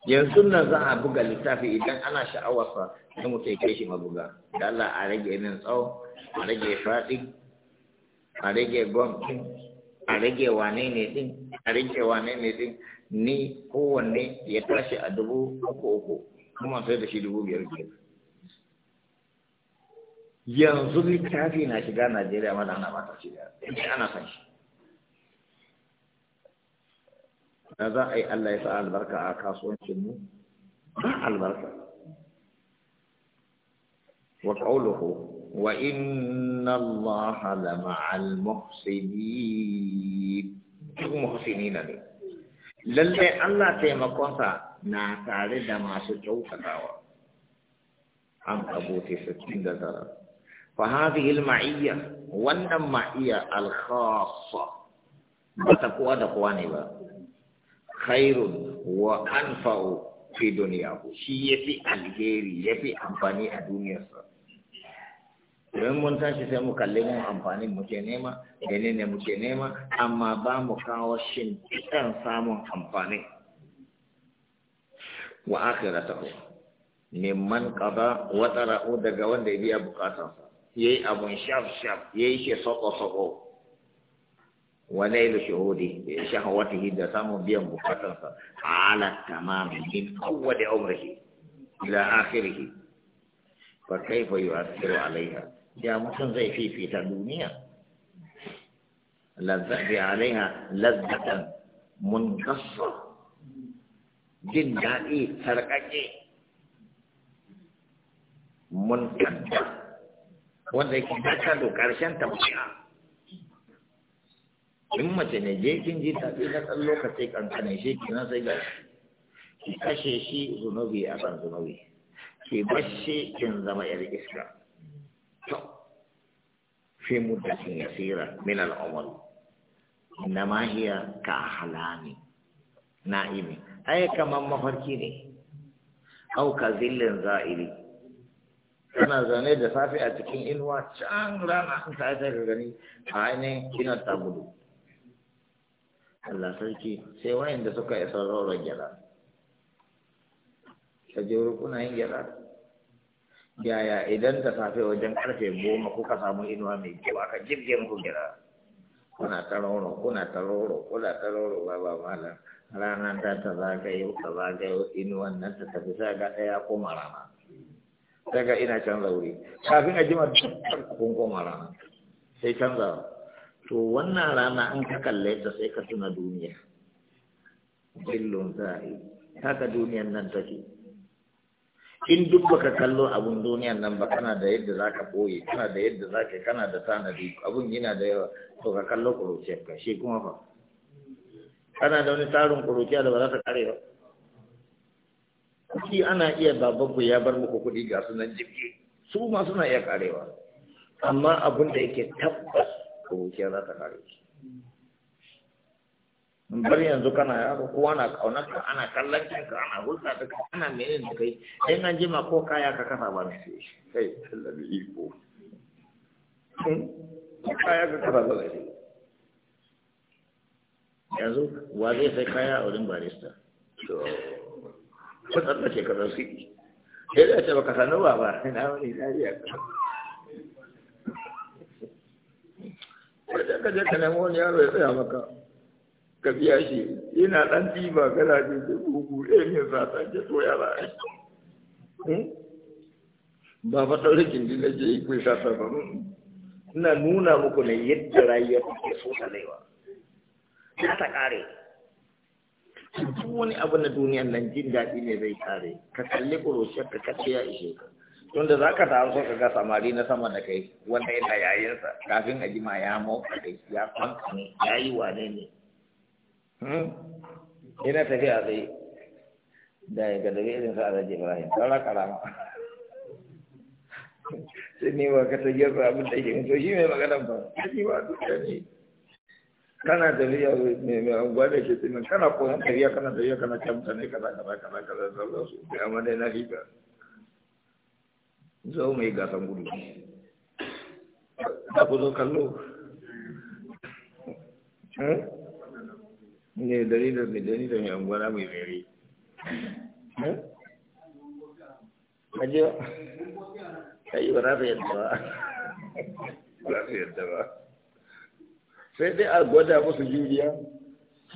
yanzu nan za a buga littafi idan ana sha'awarsa sai mu kai shi mabuga da Allah a rage min tsawo a rage faɗi a rage gon a rage wane ne din a rage wane ne din ni kowanne ya tashi a dubu uku uku kuma sai da shi dubu biyar biyar yanzu littafi na shiga najeriya ma da ana ba ta shiga yanzu ana san shi da za a yi allah ya sa albarka a kasuwancin mu ba albarka wa qawluhu wa inna allaha la ma'al muhsinin duk muhsinina ne lallai allah taimakonsa na tare da masu kyautatawa an abu 69 fahadihi ma'iyya wannan ma'iyya al-khassa ba ta kowa da kowa ne ba khairun wa anfa'u fi duniya ko shi ya fi alheri ya fi amfani a duniya mun san sai mu kalli mun amfani mu ce nema ne ne mu nema amma ba mu kawo shin kitan samun amfani wa akhiratahu mimman qada wa tara'u daga wanda ya biya bukatansa ye abun shaf-shaf ya yi shi soko-soko wa lailu shuhudi shahawatihi da samun biyan bukatarsa ala tamam min awwal umrihi ila akhirih fa kayfa yu'athiru alaiha ya mutum zai fifita duniya lazzabi alaiha lazzatan munkassa jin daɗi sarƙaƙe munkadda wanda yake ta do karshen tambaya in mace ne je kin ji ta na ɗan lokaci kankane shi kenan sai ga ki kashe shi zunubi a kan zunubi ki bashi kin zama yar iska to fi muddatin yasira min al-umr innama hiya ka halami na'imi ai kaman mafarki ne au ka zillin za'iri kana zane da safe a cikin inuwa can rana an ta ta gani a ainihin kina ta gudu Allah sarki sai da suka isa rauran gyara ta je kuna yin gyara yaya idan da safe wajen karfe goma kuka samu inuwa mai kyau aka jirgin ku gyara kuna ta rauro kuna ta rauro kuna ta rauro ba ba malam ranar ta ta zagayo ta zagayo inuwan nan ta tafi sa ga ɗaya ko rana daga ina canza wuri kafin a jima dukkan kun rana sai canza to wannan rana an ka kalle ta sai ka tuna duniya jillun za'i haka duniyan nan take in duk baka kallo abun duniyan nan ba kana da yadda zaka boye kana da yadda zaka kana da tanadi abun yana da yawa to ka kallo kuruciyar ka shi kuma fa kana da wani tarin kuruciya da ba za ta kare ba kuɗi ana iya babanku ya bar muku kuɗi ga sunan jirgi su ma suna iya karewa amma abin da yake tabbas abokiya za ta kare shi bar yanzu kana yaro kowa na kaunarka ana kallon kanka ana hulɗa da ka ana menene da kai in an jima ko kaya ka kasa ba mai sai kai tallabi iko hmm? kaya ka kasa ba mai yanzu wa zai sai kaya a wurin barista ka tsallake ka zan yi. sai da ce baka sanu ba ba na wani na iya ka je ka je ka nemo wani yaro ya tsaya maka ka biya shi yana ɗan ɗiba kana je ce gugu ɗaya ne sa ta ce to ya hmm? ba ba fa ɗaure gindi na je ku sa ta ba ina nuna muku ne yadda rayuwa take so ta laiwa ta ta ƙare duk wani abu na duniyan nan jin daɗi ne zai kare ka kalli ƙuruciyar ka kace ya ishe ka tunda za ka taso ka ga samari na sama da kai wanda yana yayinsa kafin a jima ya mauka kai ya kwanka ne ya yi wane ne yana hmm? tafiya zai da ya gadare irin sa alhaji ibrahim Kala karama sai ne ba ka tafiya ba abin da ke to shi mai maganan ba shi ba duk da ne kana da riya mai anguwa da ke kana koyon kariya kana da riya kana kyamta ne kana kana kana kaza sauran su da amma dai na riba zo mai gasan gudu ta ku zo kallo hmm? ne da riya mai dani da mai anguwa na mai mere hmm? ajiyo kai ba za ta yadda ba ba za ta yadda ba sai dai a gwada musu juriya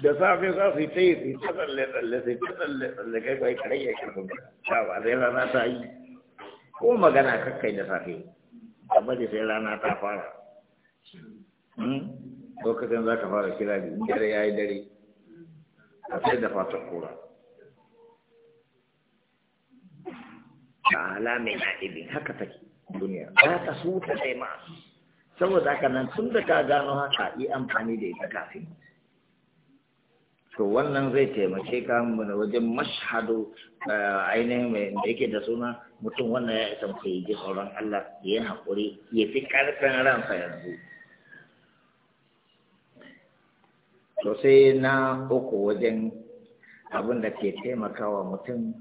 da safe za su yi ta yi su ta tsalle tsalle sai ta tsalle tsalle kai kai kai ya ta ba sai rana ta yi ko magana kakkai da safe amma da sai rana ta fara hmm? lokacin za ka fara kira da dare ya yi dare a sai da fatan kura ala mai na ibin haka take duniya ba ta su ta sai masu saboda haka nan tun da ka gano haka yi amfani da ita kafin to wannan zai taimake ka da wajen mashhadu eh, ainihin mai da yake da suna mutum wannan ya isa mutum ya ji tsoron Allah ya yi haƙuri ya fi ƙarfin ransa yanzu to sai na uku wajen abin da ke taimakawa mutum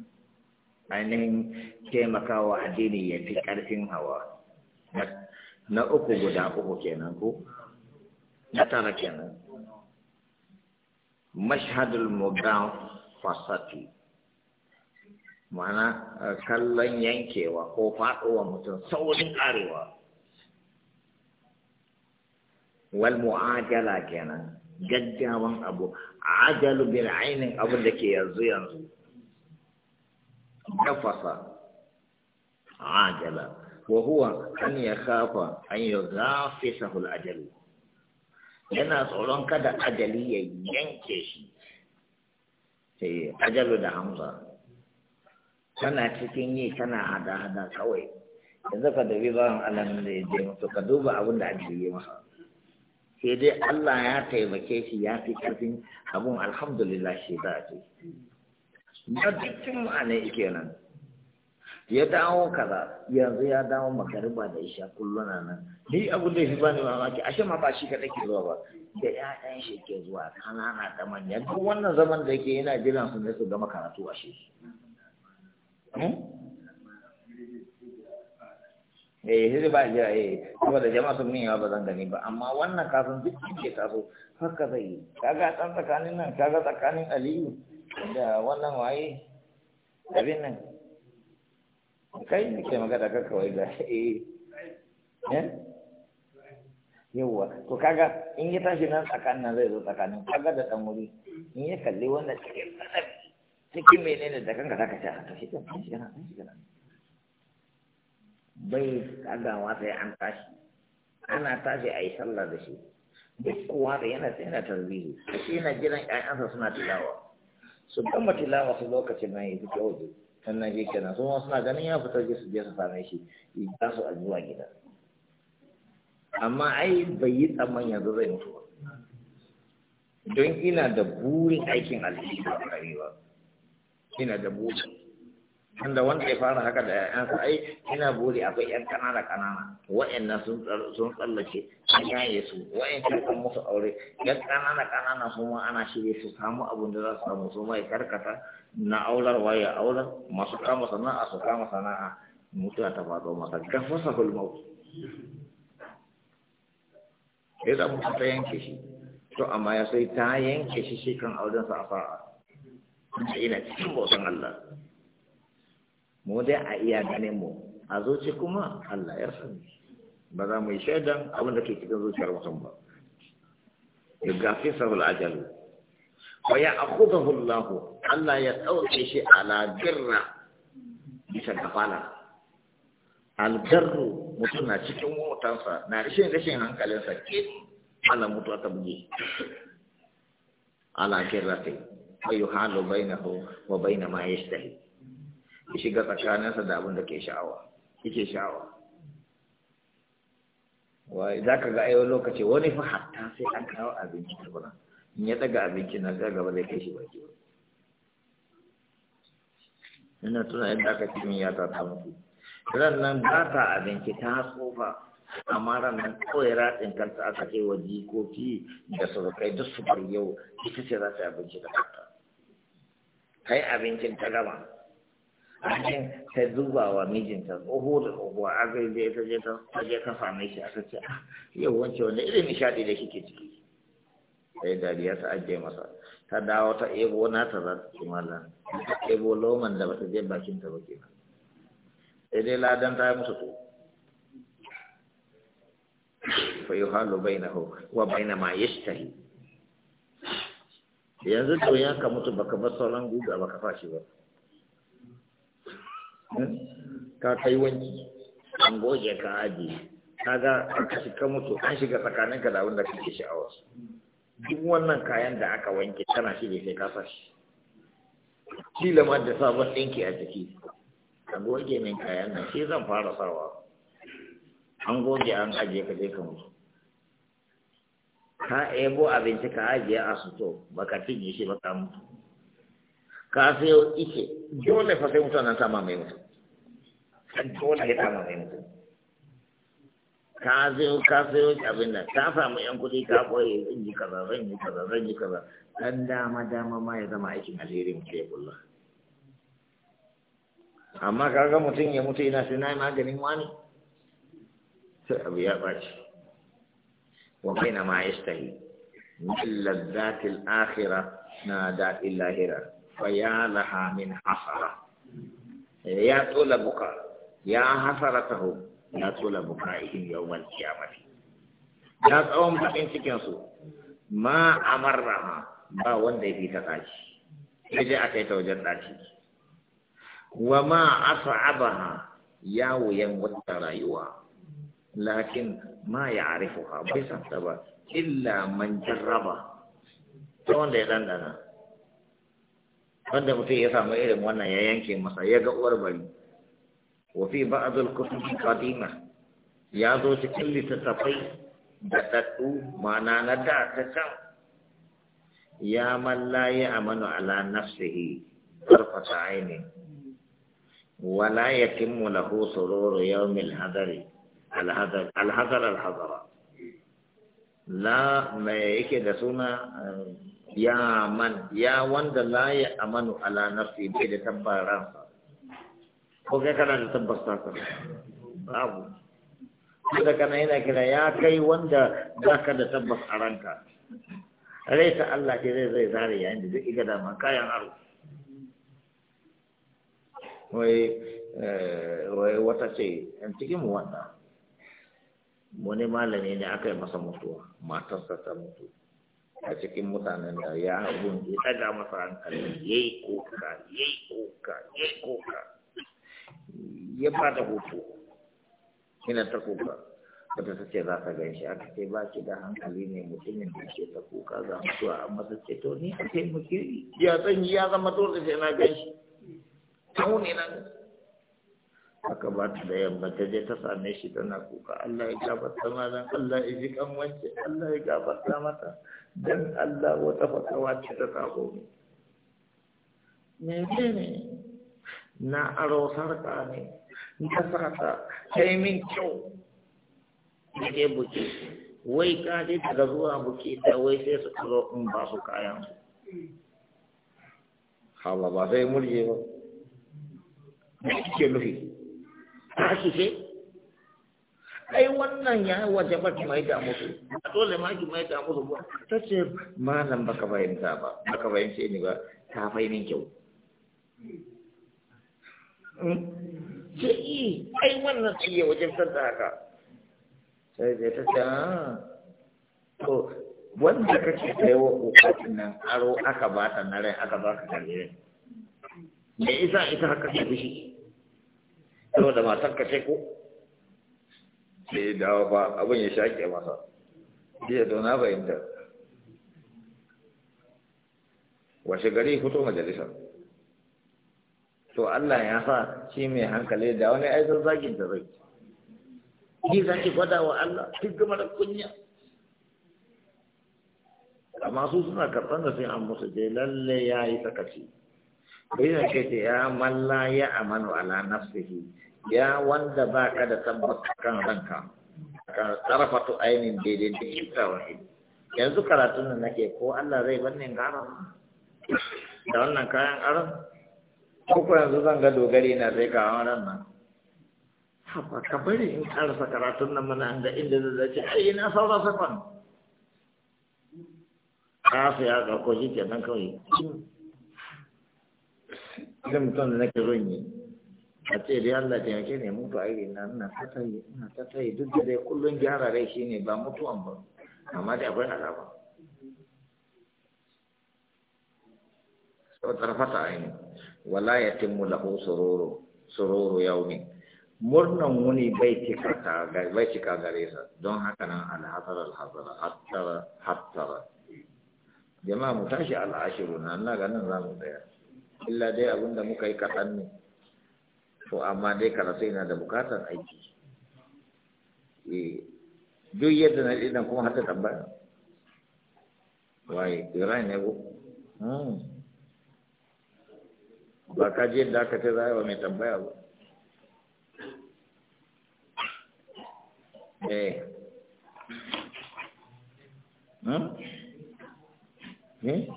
ainihin taimakawa addini ya fi ƙarfin hawa na uku guda uku kenan ko na tara kenan mashhadul mugan fasati mana eh, kallon yankewa ko faɗowa mutum saurin karewa wal mu'ajala kenan gaggawan abu ajalu bil ainin abin da ke yanzu yanzu kafasa ajala wa huwa an ya kafa an fi sahul ajalu yana tsoron kada ajali ya yanke shi sai ajalu da hamza tana cikin yi tana hada-hada kawai yanzu ka dubi bawan alamun da ya je mutu ka duba abin da ajali ya masa sai dai Allah ya taimake shi ya fi karfin abun alhamdulillah shi za a ce. Ba dukkan ma'ana nan. ya dawo kaza yanzu ya dawo magariba da isha kullum nan ni abin da shi ba ne mamaki ashe ma ba shi kaɗai ke zuwa ba da 'ya'yan shi ke zuwa kanana da manya duk wannan zaman da yake yana jiran su ne su gama karatu a shi hmm? eh sai ba jira eh da jama'a sun yi ba zan gani ba amma wannan kafin duk ke taso haka zai yi kaga dan tsakanin nan kaga tsakanin aliyu da wannan waye abin nan kai ne ke magana ka kawai ga eh, eh? yawwa to kaga in ya tashi nan tsakanin nan zai zo tsakanin kaga da dan wuri in ya kalli wanda cikin ladabi cikin menene da kanka zaka ci ah, to shi kan shi kan shi kan bai wa sai an tashi ana tashi a yi sallah da shi duk kowa da yana sai na tarbihi shi na jiran ƴaƴansa suna tilawa su gama tilawa su lokacin nan ya fito sannan shi kenan su suna ganin ya fitar je su je su same shi za su a zuwa gida amma ai bai yi tsamman yanzu zai mutu ba don ina da burin aikin alhiri ba karewa ina da burin wanda wanda ya fara haka da ƴaƴansa ai ina buri akwai ƴan kanana kanana wa'annan sun sun tsallake an yaye su wa'annan kan musu aure ƴan kanana kanana su ma ana shirye su samu abin da za su samu su ma ya karkata na aular waye aular masu kama sana'a su kama sana'a mutu ta faɗo masa fasa hulmau ya za mutu ta yanke shi to amma ya sai ta yanke shi shi kan aurensa a fara da ina cikin bautan Allah mu dai a iya ganin mu a zuci kuma Allah ya sani ba za mu yi shaidan abin da ke cikin zuciyar mutum ba ya gafi sahul ajalu wa ya akhudhahu Allah Allah ya dauke shi ala birra bisa kafala algarru mutum na cikin motansa na rashin rashin hankalinsa ke ala mutu ta buge ala kirrati wa yuhalu bainahu wa baina ma yashtahi shiga tsakaninsa da abin da ke sha'awa yake sha'awa wa za ka ga ayo lokaci wani fa hatta sai an kawo abinci ta tukuna in ya daga abinci na ga gaba zai kai shi baki ina tuna yadda aka ci min ya ta mutu ran nan ba ta abinci ta tsofa amma ran nan kawai ratsin kanta aka ce wa jikoki da surukai duk su bar yau ita ce za ta abinci da kanta kai abincin ta gama abincin ta zuba wa mijinta tsoho da tsoho aka yi zai ta je ta same shi aka ce ah, yau wancan wanda irin nishaɗi da shi ke ciki sai dariya ta ta'ajje masa ta dawo ta ebo na ta za ta ci mallan ta ebo loman da bata je bakin ta ba kenan sai dai ladan ta yi musu to fa yuhalu bainahu wa baina ma yashtahi yanzu to ya ka mutu baka bar sauran guga baka fashi ba hmm? ka kai wanki an goge ka aji kaga an kashi ka mutu an shiga tsakaninka da abin da kake sha'awa duk wannan kayan da aka wanke tana shi ne sai ka sa shi kila da sabon ɗinki a jiki an goge min kayan nan shi zan fara sawa an goge an ajiye ka je ka mutu ka ebo abinci ka ajiye a suto baka cinye shi ba ka mutu ka sayo ike dole fa sai mutanen sama mai mutu dole ya sama mai mutu ka zo ka sayo abin nan ka samu yan kuɗi ka koyi zan yi kaza zan yi kaza zan yi kaza dan dama dama ma ya zama aikin alheri mutum ya kulla amma kaga mutum ya mutu ina sai na maganin wani sai abu ya ɓaci wa baina ma yastahi min ladzatil akhirah na datil lahira fa ya laha min hasara ya tulabuka buka ya hasaratahu ya tsola buka'ihim yawmal kiyamati ya tsawon bakin cikin su ma ba wanda ya ta tashi ya je a kai ta wajen tashi wa ma as'abaha ya wuyan wata rayuwa lakin ma ya ha bai san ta ba illa man jarraba ta wanda ya dandana wanda mutum ya samu irin wannan ya yanke masa ya ga uwar bari وفي بعض الكتب القديمة يا ذو تكل تتقي دتتو ما ندع تكو يا من لا يأمن على نفسه طرفة عين ولا يتم له سرور يوم الهدر الهدر الهدر لا ما يكي دسونا يا من يا وند لا يأمن على نفسه بيد تبارا ko kai kana da tabbas ta ka babu da kana yana kira ya kai wanda za ka da tabbas a ranka rai ta Allah ce zai zai zare yayin da zai iga dama kayan aro wai eh, wata ce yan cikin mu wani malami ne aka yi masa mutuwa matarsa ta mutu a cikin mutanen da ya abun ya daga masa hankali yayi koka yayi koka yi koka ya ba hutu ina ta kuka wata ta ce za ta gan shi aka ce ba ki da hankali ne mutumin da ke ta kuka za mu zuwa amma ta ce to ni a taimake ya san ya zama dole sai na gan shi tauni nan aka ba ta da yamma ta je ta same shi tana kuka Allah ya gafarta dan Allah ya ji kan wance Allah ya gafarta mata dan Allah wata fatawa ce ta kawo ne ne ne na aro ka ne na ta yi min kyau da ke buki wai ka je daga zuwa buki da wai sai su zo in ba su kayan su hala ba sai murje ba me kike nufi ta ce ai wannan ya wajaba ki mai damu musu a dole ma ki mai da musu ba ta ce malam baka fahimta ba baka fahimce ni ba ta fahimin kyau ce hmm? yi ai wannan tsaye wajen sanda haka sai zai ta ce ah. to wanda kake yi wa kokatin nan aro aka ba ta na rai aka ba ka kalle me isa ita haka ke fushi da matan ka ce ko sai dawa ba abin ya shaƙe masa jiya da na da washe gari fito majalisa to Allah ya sa shi mai hankali da wani aikin zagin da zai yi za ki gwada wa Allah duk gama da kunya amma su suna karɓar da sai an musu je lalle ya yi sakaci bai da ke ce ya malla ya amanu ala nafsihi ya wanda ba ka da tabbata kan ranka ka tsarafa to ainihin daidai da kibta wahid yanzu karatun nan nake ko Allah zai bar ni gara da wannan kayan aron ko yanzu zan ga dogari na sai ka haran nan haba ka bari in karasa karatun nan mana an ga inda zai zace ai ina saura sakon ka fi ya ga ko shi ke nan kawai idan mutum da nake zo yi a ce dai Allah ta yake ne mutu aiki na ina ta tsaye ina ta tsaye duk da dai kullum gyara rai ne ba mutuwan ba amma dai akwai azaba sau tarfata ainihin wala yatimmu lahu sururu sururu yawmin murnan wuni bai cika bai cika gare sa don haka nan alhazar alhazar hattara hattara jama'a mu tashi al'ashiru na na ga za mu tsaya illa dai abinda muka yi kaɗan ne to amma dai sai na da bukatar aiki eh, duk yadda na ɗinan kuma har da tambaya waye iran ne ko hmm. ba ka je da aka ce za a yi wa mai tambaya ba eh eh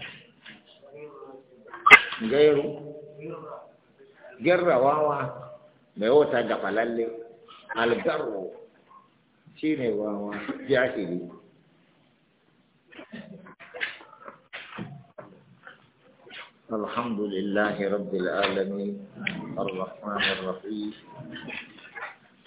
gairu girrawawa mai wata gafalalle algarro shi ne wawa jahili الحمد لله رب العالمين الرحمن الرحيم